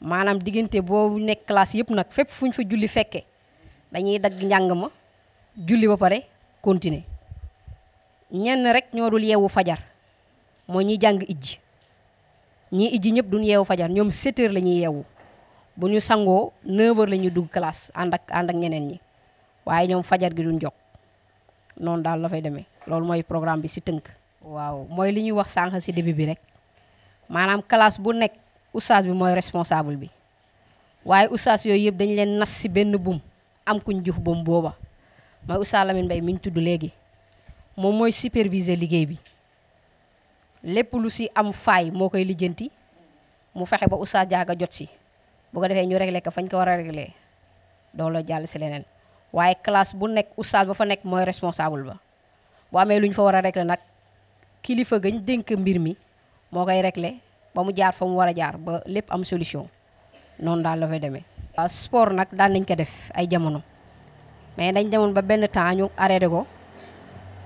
maanaam diggante boobu nekk classe yëpp nag fépp fu ñu fa julli fekke dañuy dagg njàng ma julli ba pare continuer ñenn rek ñoo dul yeewu fajar moo ñuy jàng ijji ñii ijji ñëpp duñ yeewu fajar ñoom 7 heures la ñuy yeewu bu ñu sangoo 9 heures la ñuy dugg classe ànd ak ànd ak ñeneen ñi. waaye ñoom fajar gi duñ jóg noonu daal la fay demee loolu mooy programme bi si tënk. waaw mooy li ñuy wax sànq si début bi rek maanaam classe bu nekk oustaz bi mooy responsable bi waaye oustaz yooyu yëpp dañ leen nas si benn buum am kuñ jux bam booba mooy oustaz Lamine Mbaye mi ñu tudd léegi moom mooy superviser liggéey bi lépp lu si am faay moo koy lijjanti mu fexe ba oustaz jaaga jot si bu ko defee ñu réglé ko fañ ko war a réglé doo la jàll si leneen. waaye classe bu nekk oustaz ba fa nekk mooy responsable ba bu amee lu ñu fa war a régler nag kilifa gañ dénk mbir mi moo koy regle ba mu jaar fa mu war a jaar ba lépp am solution noonu daal la fay demee. waaw sport nag daal nañ ko def ay jamono mais dañ demoon ba benn temps ñu arrêté ko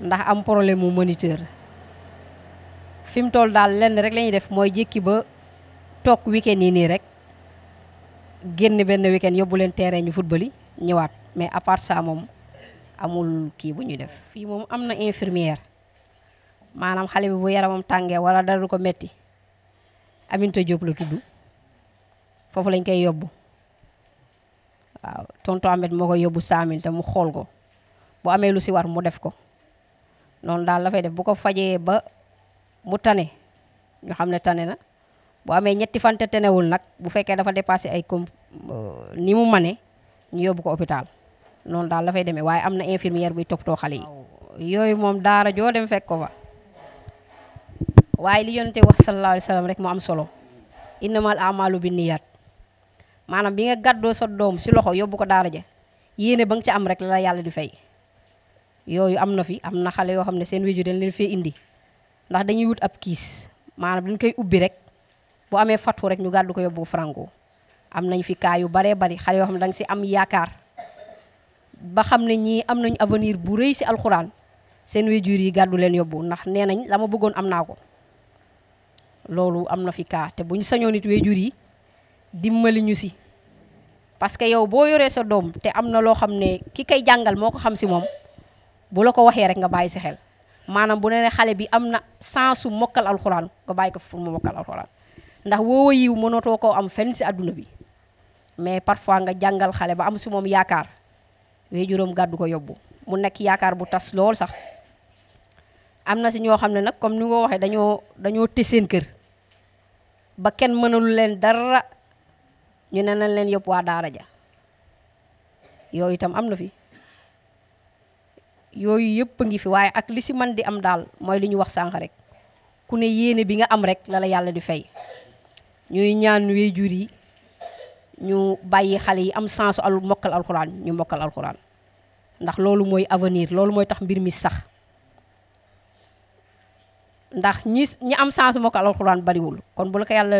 ndax am problème mu moniteur fi mu toll daal lenn rek lañuy def mooy jékki ba toog weekend yi nii rek génn benn weekend yóbbu leen terrain ñu football yi ñëwaat. mais à part moom amul kii bu ñuy def fii moom am na infirmière maanaam xale bi bu yaramam tàngee wala dara du ko metti Aminta Diop la tudd foofu lañ koy yóbbu waaw tonton moo koy yóbbu saamin mu xool ko bu amee lu si war mu def ko noonu daal la fay def bu ko fajee ba mu tane ñu xam ne tane na bu amee ñetti fante tenewul nag bu fekkee dafa dépassé ay comme euh, ni mu mane ñu yóbbu ko hôpital noonu daal la fay demee waaye am na infirmière buy toppatoo xale yi yooyu moom daara joo dem fekk ko fa waaye li yonente wax sallallahu alayhi rek mu am solo innamal amalu bi niyaat maanaam bi nga gàddoo sa doom si loxo yóbbu ko daara ja yéene ba nga ca am rek la yàlla di fay yooyu am na fi am na xale yoo xam ne seen wéju dañ leen fee indi ndax dañuy wut ab kiis maanaam dañ koy ubbi rek bu amee fatu rek ñu gàddu ko yóbbu franco am nañ fi kaa yu baree bari xale yoo xam ne da si am yaakaar ba xam ne ñii am nañu avenir bu rëy si alxuraan seen wéjur yi gàddu leen yóbbu ndax nee nañ la bëggoon am naa ko loolu am na fi kaa te bu ñu sañoo nit wéjur yi dimbali ñu si parce que yow boo yoree sa doom te am na loo xam ne ki koy jàngal moo ko xam si moom bu la ko waxee rek nga bàyyi si xel maanaam bu ne ne xale bi am na sensu mokkal alxuraan nga bàyyi ko fu mu mokkal alxuraan ndax woowa yiw mënatoo koo am fenn si àdduna bi mais parfois nga jàngal xale ba am si moom yaakaar wee juróom gàddu ko yóbbu mu nekk yaakaar bu tas lool sax am na si ñoo xam ne nag comme ni ko waxee dañoo dañoo tëj seen kër ba kenn mënalu leen dara ñu ne nañ leen yëpp waa daara ja yooyu itam am na fi yooyu yëpp a ngi fi waaye ak li si man di am daal mooy li ñu wax sànq rek ku ne yéene bi nga am rek lala yàlla di fay ñuy ñaan wéyjur yi ñu bàyyi xale yi am sens al mokkal alxuraan ñu mokkal alxuraan ndax loolu mooy avenir loolu mooy tax mbir mi sax ndax ñi ñi am sens mokkal alxuraan bariwul kon bu la ko yàlla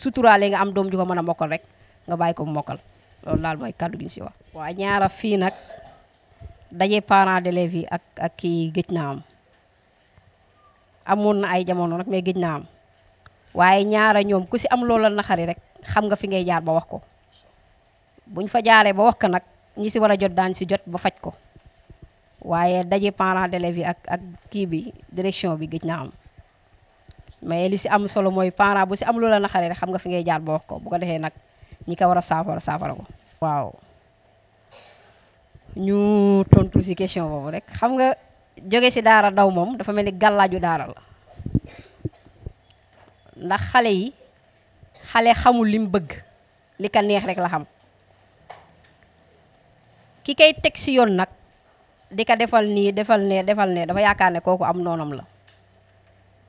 suturaalee nga am doom ju ko mën a mokkal rek nga bàyyi ko mu mokkal loolu daal mooy kàddu gi si wax. waa ñaara fii nag daje parents d'élèves yi ak ak kii géej naa am amoon na ay jamono nag mais géej na am. waaye ñaara ñoom ku si am loola naxari rek xam nga fi ngay jaar ba wax ko buñ fa jaaree ba wax ko nag ñi si war a jot daañ si jot ba faj ko waaye daje parents d'élèves yi ak ak kii bi direction bi gëj naa am mais li si am solo mooy parent bu si am loola naxari xam nga fi ngay jaar ba wax ko bu ko defee nag ñi ko war a saafara saafara ko waaw ñu tontu si question boobu rek xam nga jóge si daara daw moom dafa mel ni gàllaaju daara la ndax xale yi xale xamul lim bëgg li ka neex rek la xam ki kay teg ci yoon nag di ka defal nii defal ne defal ne dafa yaakaar ne kooku am noonam la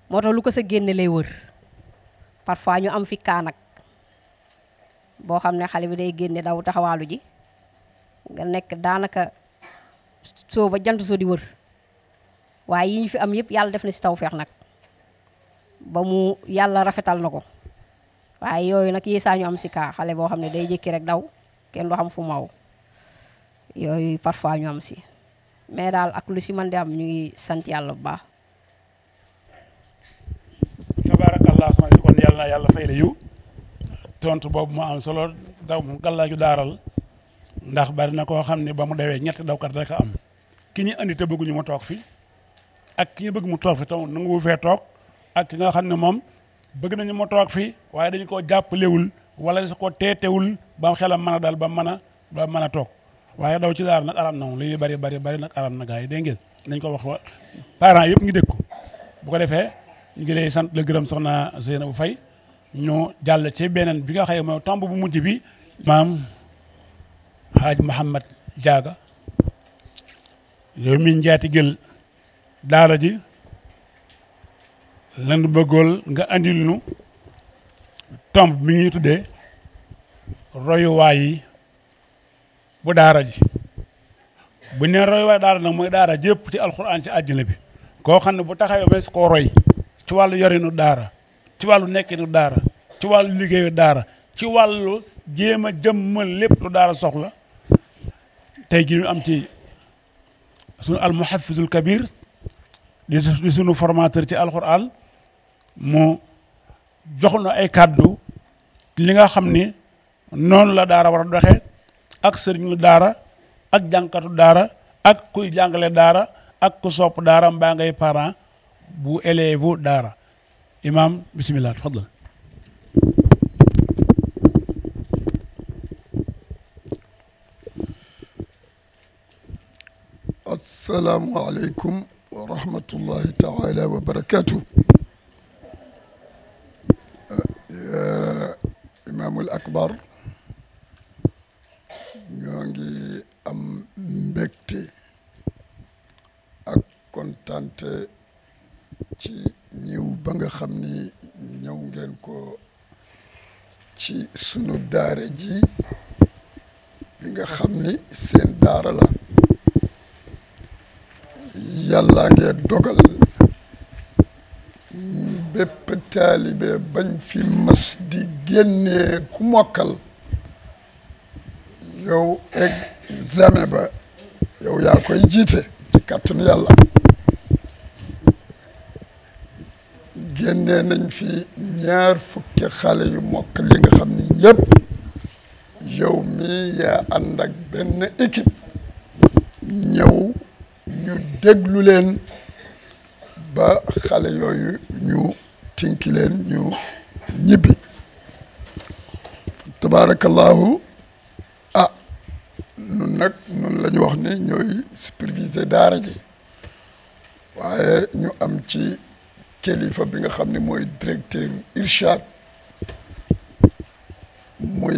moo tax lu ko sa génne lay wër parfois ñu am fi kaa nag boo xam ne xale bi day génne daw taxawaalu ji nga nekk daanaka soo ba jant soo di wër waaye yi ñu fi am yëpp yàlla def na si taw feex nag ba mu yàlla rafetal na ko waaye yooyu nag yéesaa ñu am si kaa xale boo xam ne day jékki rek daw kenn du xam fu maw yooyu parfois ñu am si mais daal ak lu si man di am ñu ngi sant yàlla bu baax. tabaarakallah yàlla na yàlla fay tontu boobu mu am solo daw mu gàllaaju daaral ndax bari na koo xam ne ba mu dewee ñetti dawkat rek a am ki ñu andi te bëgguñu ma toog fi ak ki ñu bëgg mu toog fi taw nanguwu fee toog. ak ki nga xam ne moom bëgg nañu mu toog fii waaye dañ ko jàppalewul wala dañu ko teetewul ba xelam mën a ba mën a ba mën a toog waaye daw ci daar na moom li bari bari bari nag aram na gars yi dégg ngeen dañ ko wax parent parents yëpp ngi dégg ko bu ko defee ñu ngi lay sant la gërëm soxna Seynabou Faye ñu jàll ci beneen bi nga xëye mooy tomb bu mujj bi maam Haaj Mouhamad Diaga yow mi njaati gël ji lan bëggool nga andil nu tomb bi ñuy tuddee royuwaay yi bu daara ji bu nee royuwaay daara nag mooy daara jépp ci alxuraan ci àddina bi koo xam ne bu taxawee ba su koo roy ci wàllu yorinu daara ci wàllu nekkinu daara ci wàllu liggéeyu daara ci wàllu jéem a jëmmal lépp lu daara soxla tey gi ñu am ci sunu almuhafizul kabir di sunu formateur ci alxuraan mu jox nu ay kàddu li nga xam ni noonu la daara war a doxe ak sëriñu daara ak jànkatu daara ak kuy jàngale daara ak ku sop daara mbaa ngay parent bu élève daara imaam bismillah tafadal yaa euh, imaamul akbar ñoo ngi am mbégte ak kontante ci ñëw ba nga xam ni ñëw ngeen ko ci sunu daara ji bi nga xam ni seen daara la yàlla ngee dogal bépp taalibe bañ fi mas di génnee ku mokkal yow examen ba yow yaa koy jiite ci kàttanu yàlla génnee nañ fi ñaar fukki xale yu mokkal yi nga xam ni yépp yow mi yaa ànd ak benn ekip ñëw ñu déglu leen ba xale yooyu ñu tinki leen ñu ñibbi tabaarakallaahu ah nun nag nun la ñu wax ni ñooy superviser daara ji waaye ñu am ci kilifa bi nga xam ni mooy directeur Irchad muy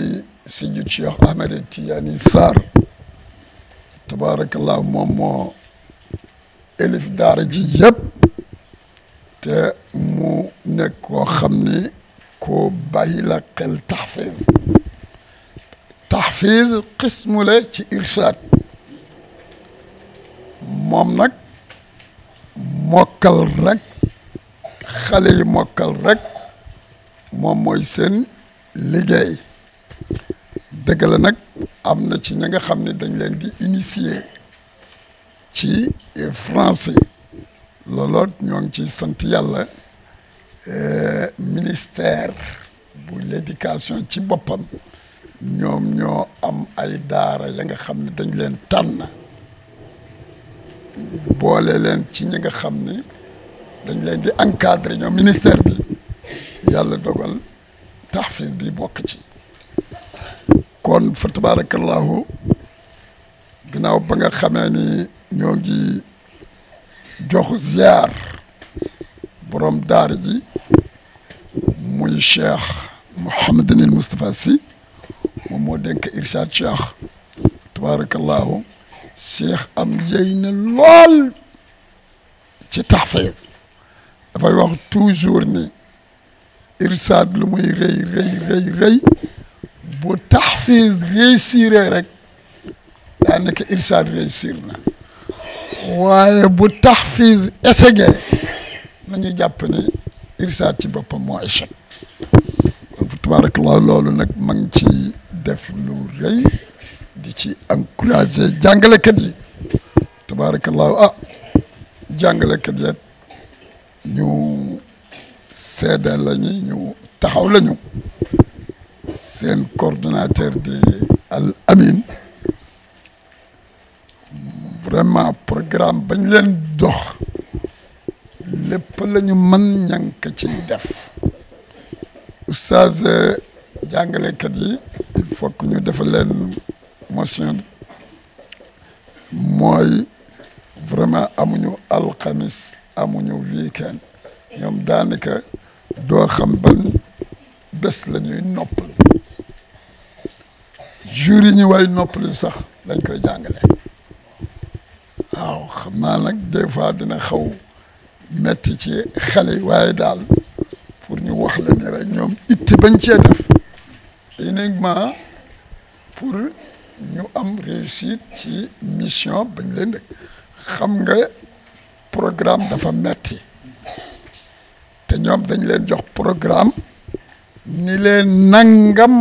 Seydi Cheikh Ahmed Tidiane Sarr tabaarakallaahu moom moo élif daara ji yëpp te mu nekk koo xam ni ko bàyyi la xel taxfiz taxfiz xismu ci irshad moom nag mokkal rek xale yi mokkal rek moom mooy seen liggéey dëgg nag am na ci ña xam ni dañ leen di initier ci français looloot ñoo ngi ci sant yàlla eh, ministère bu l'éducation ci boppam ñoom ñoo am ay daara ya nga xam ne dañ leen tànn boole leen ci ñi nga xam ni dañ leen di encadrer ñoom ministère bi yàlla dogal taxfiis bi bokk ci kon fa tabarakallahu ginnaaw ba nga xamee ni ñoo ngi jox ziar borom daara ji muy cheikh Mouhamadinil Moustapha Sy moom moo dénk irshad cheikh tabarakallahu cheikh am yey lool ci taxfiz dafay wax toujours ni irshad lu muy rëy rëy rëy rëy bu taxfiz réussir rek daanaka irshad réussir na waaye bu taxfiz esege nañu jàpp ni irsaat ci boppam moo échec tabaarakallah loolu nag ma ngi ci def lu rëy di ci encouragé jàngalekat yi tabaarakallah ah jàngalekat yi ñu seede lañu ñu taxaw lañu seen coordonnateur di al amin vraiment programme bañ leen dox lépp la ñu mën ña ngi ko ciy def euh, jàngalekat yi il faut que ñu defal leen motion mooy vraiment amuñu alxamis amuñu weekend ñoom daanaka doo xam ban bés la ñuy noppal jour yi ñu nopp noppali sax lañ koy jàngale waaw xam naa nag des fois dina xaw metti ci xale yi waaye daal pour ñu wax la rek ñoom itti bañ cee def uniquement pour ñu am réussite ci mission bañ leen dëkk xam nga programme dafa metti te ñoom dañ leen jox programme ni leen nangam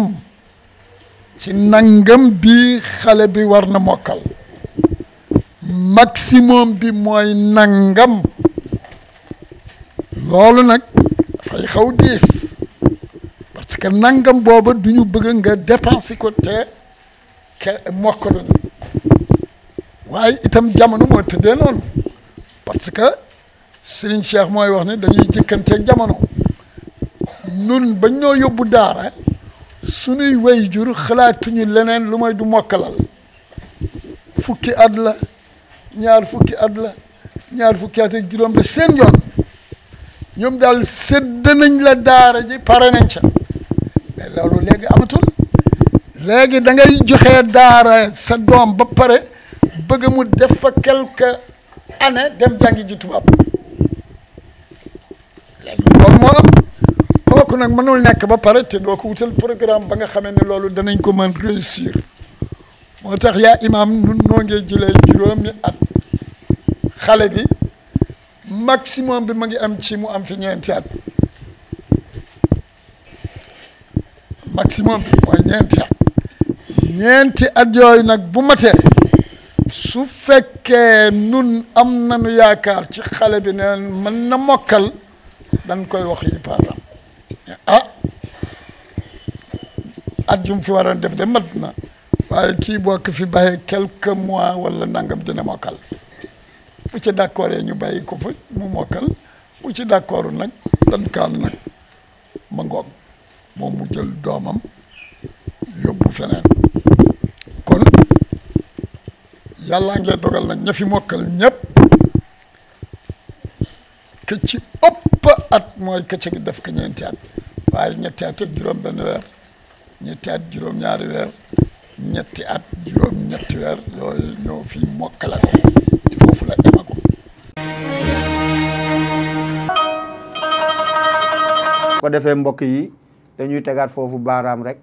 ci nangam bi xale bi war na mokkal maximum bi mooy nangam loolu nag dafay xaw diis parce que nangam booba du ñu bëgg nga dépenser ko te ke mokkaluñu waaye itam jamono moo tëddee noonu parce que Serigne Cheikh mooy wax ne dañuy jëkkanteeg jamono nun bañ ñoo yóbbu daara suñuy way jur xalaatuñu leneen lu may du mokkalal fukki at la ñaar fukki at la ñaar fukki at ak juróom de seen yoon ñoom daal sédd nañ la daara ji pare nañ ca mais loolu léegi amatul léegi da ngay joxe daara sa doom ba pare bëgg mu def fa quelque année dem jàngi ji tubaab loolu moo am kooku nag mënul nekk ba pare te doo ko wutal programme ba nga xamee ne loolu danañ ko mën réussir. moo tax yaa imaam nun noo ngi jëlee juróomi at xale bi maximum bi ma ngi am ci mu am fi ñeenti at maximum bi mooy ñeenti at ñeenti yooyu nag bu matee su fekkee nun am nañu yaakaar ci xale bi ne mën na mokkal dañ koy wax yi paatam ah, at jum fi waroon def de mat na waaye kii bokk fi bàyyi quelques mois wala nangam dina mokkal bu ci d'accord ñu bàyyi ko fa mu mokkal bu ci d'accord nag dan kaan nag ma ngoog moom mu jël doomam yóbbu feneen kon yàllaa ngee dogal nag ña fi mokkal ñëpp ëpp at mooy ke ci def ko ñeenti at waaye ñetti at ak juróom benn weer ñetti at juróom ñaari weer ñetti at juróom ñetti weer ñoo fi mokkalanoo foofu la amagum. ko defee mbokk yi dañuy tegaat foofu baaraam rek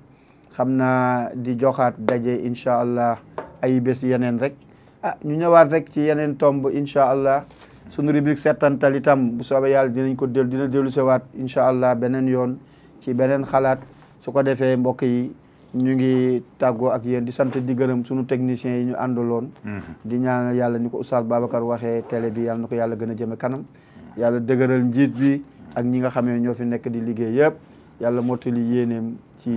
xam naa di joxaat daje incha allah ay bés yeneen rek ah ñu ñëwaat rek ci yeneen tomb incha allah sunu rubrique settantal itam bu soobee yàlla dinañ ko dellu dina dellu sewaat incha allah beneen yoon ci beneen xalaat su ko defee mbokk yi. ñu ngi tàggoo ak yéen di sant di gërëm suñu techniciens yi ñu àndaloon. Mm-hmm. di ñaanal yàlla ni ko Oustaz Babacar waxee télé bi yàlla na ko yàlla gën a jëme kanam. yàlla dëgëral njiit bi ak ñi nga xamee ñoo fi nekk di liggéey yëpp yàlla mottali yéeneem ci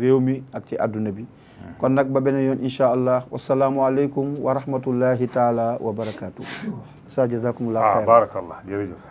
réew mi ak ci àdduna bi. Mm-hmm. kon nag ba beneen yoon incha allah wasalaamualeykum wa rahmatullahi taala wa barakaatu. Oustaz jazakumullah ah, xayran. ah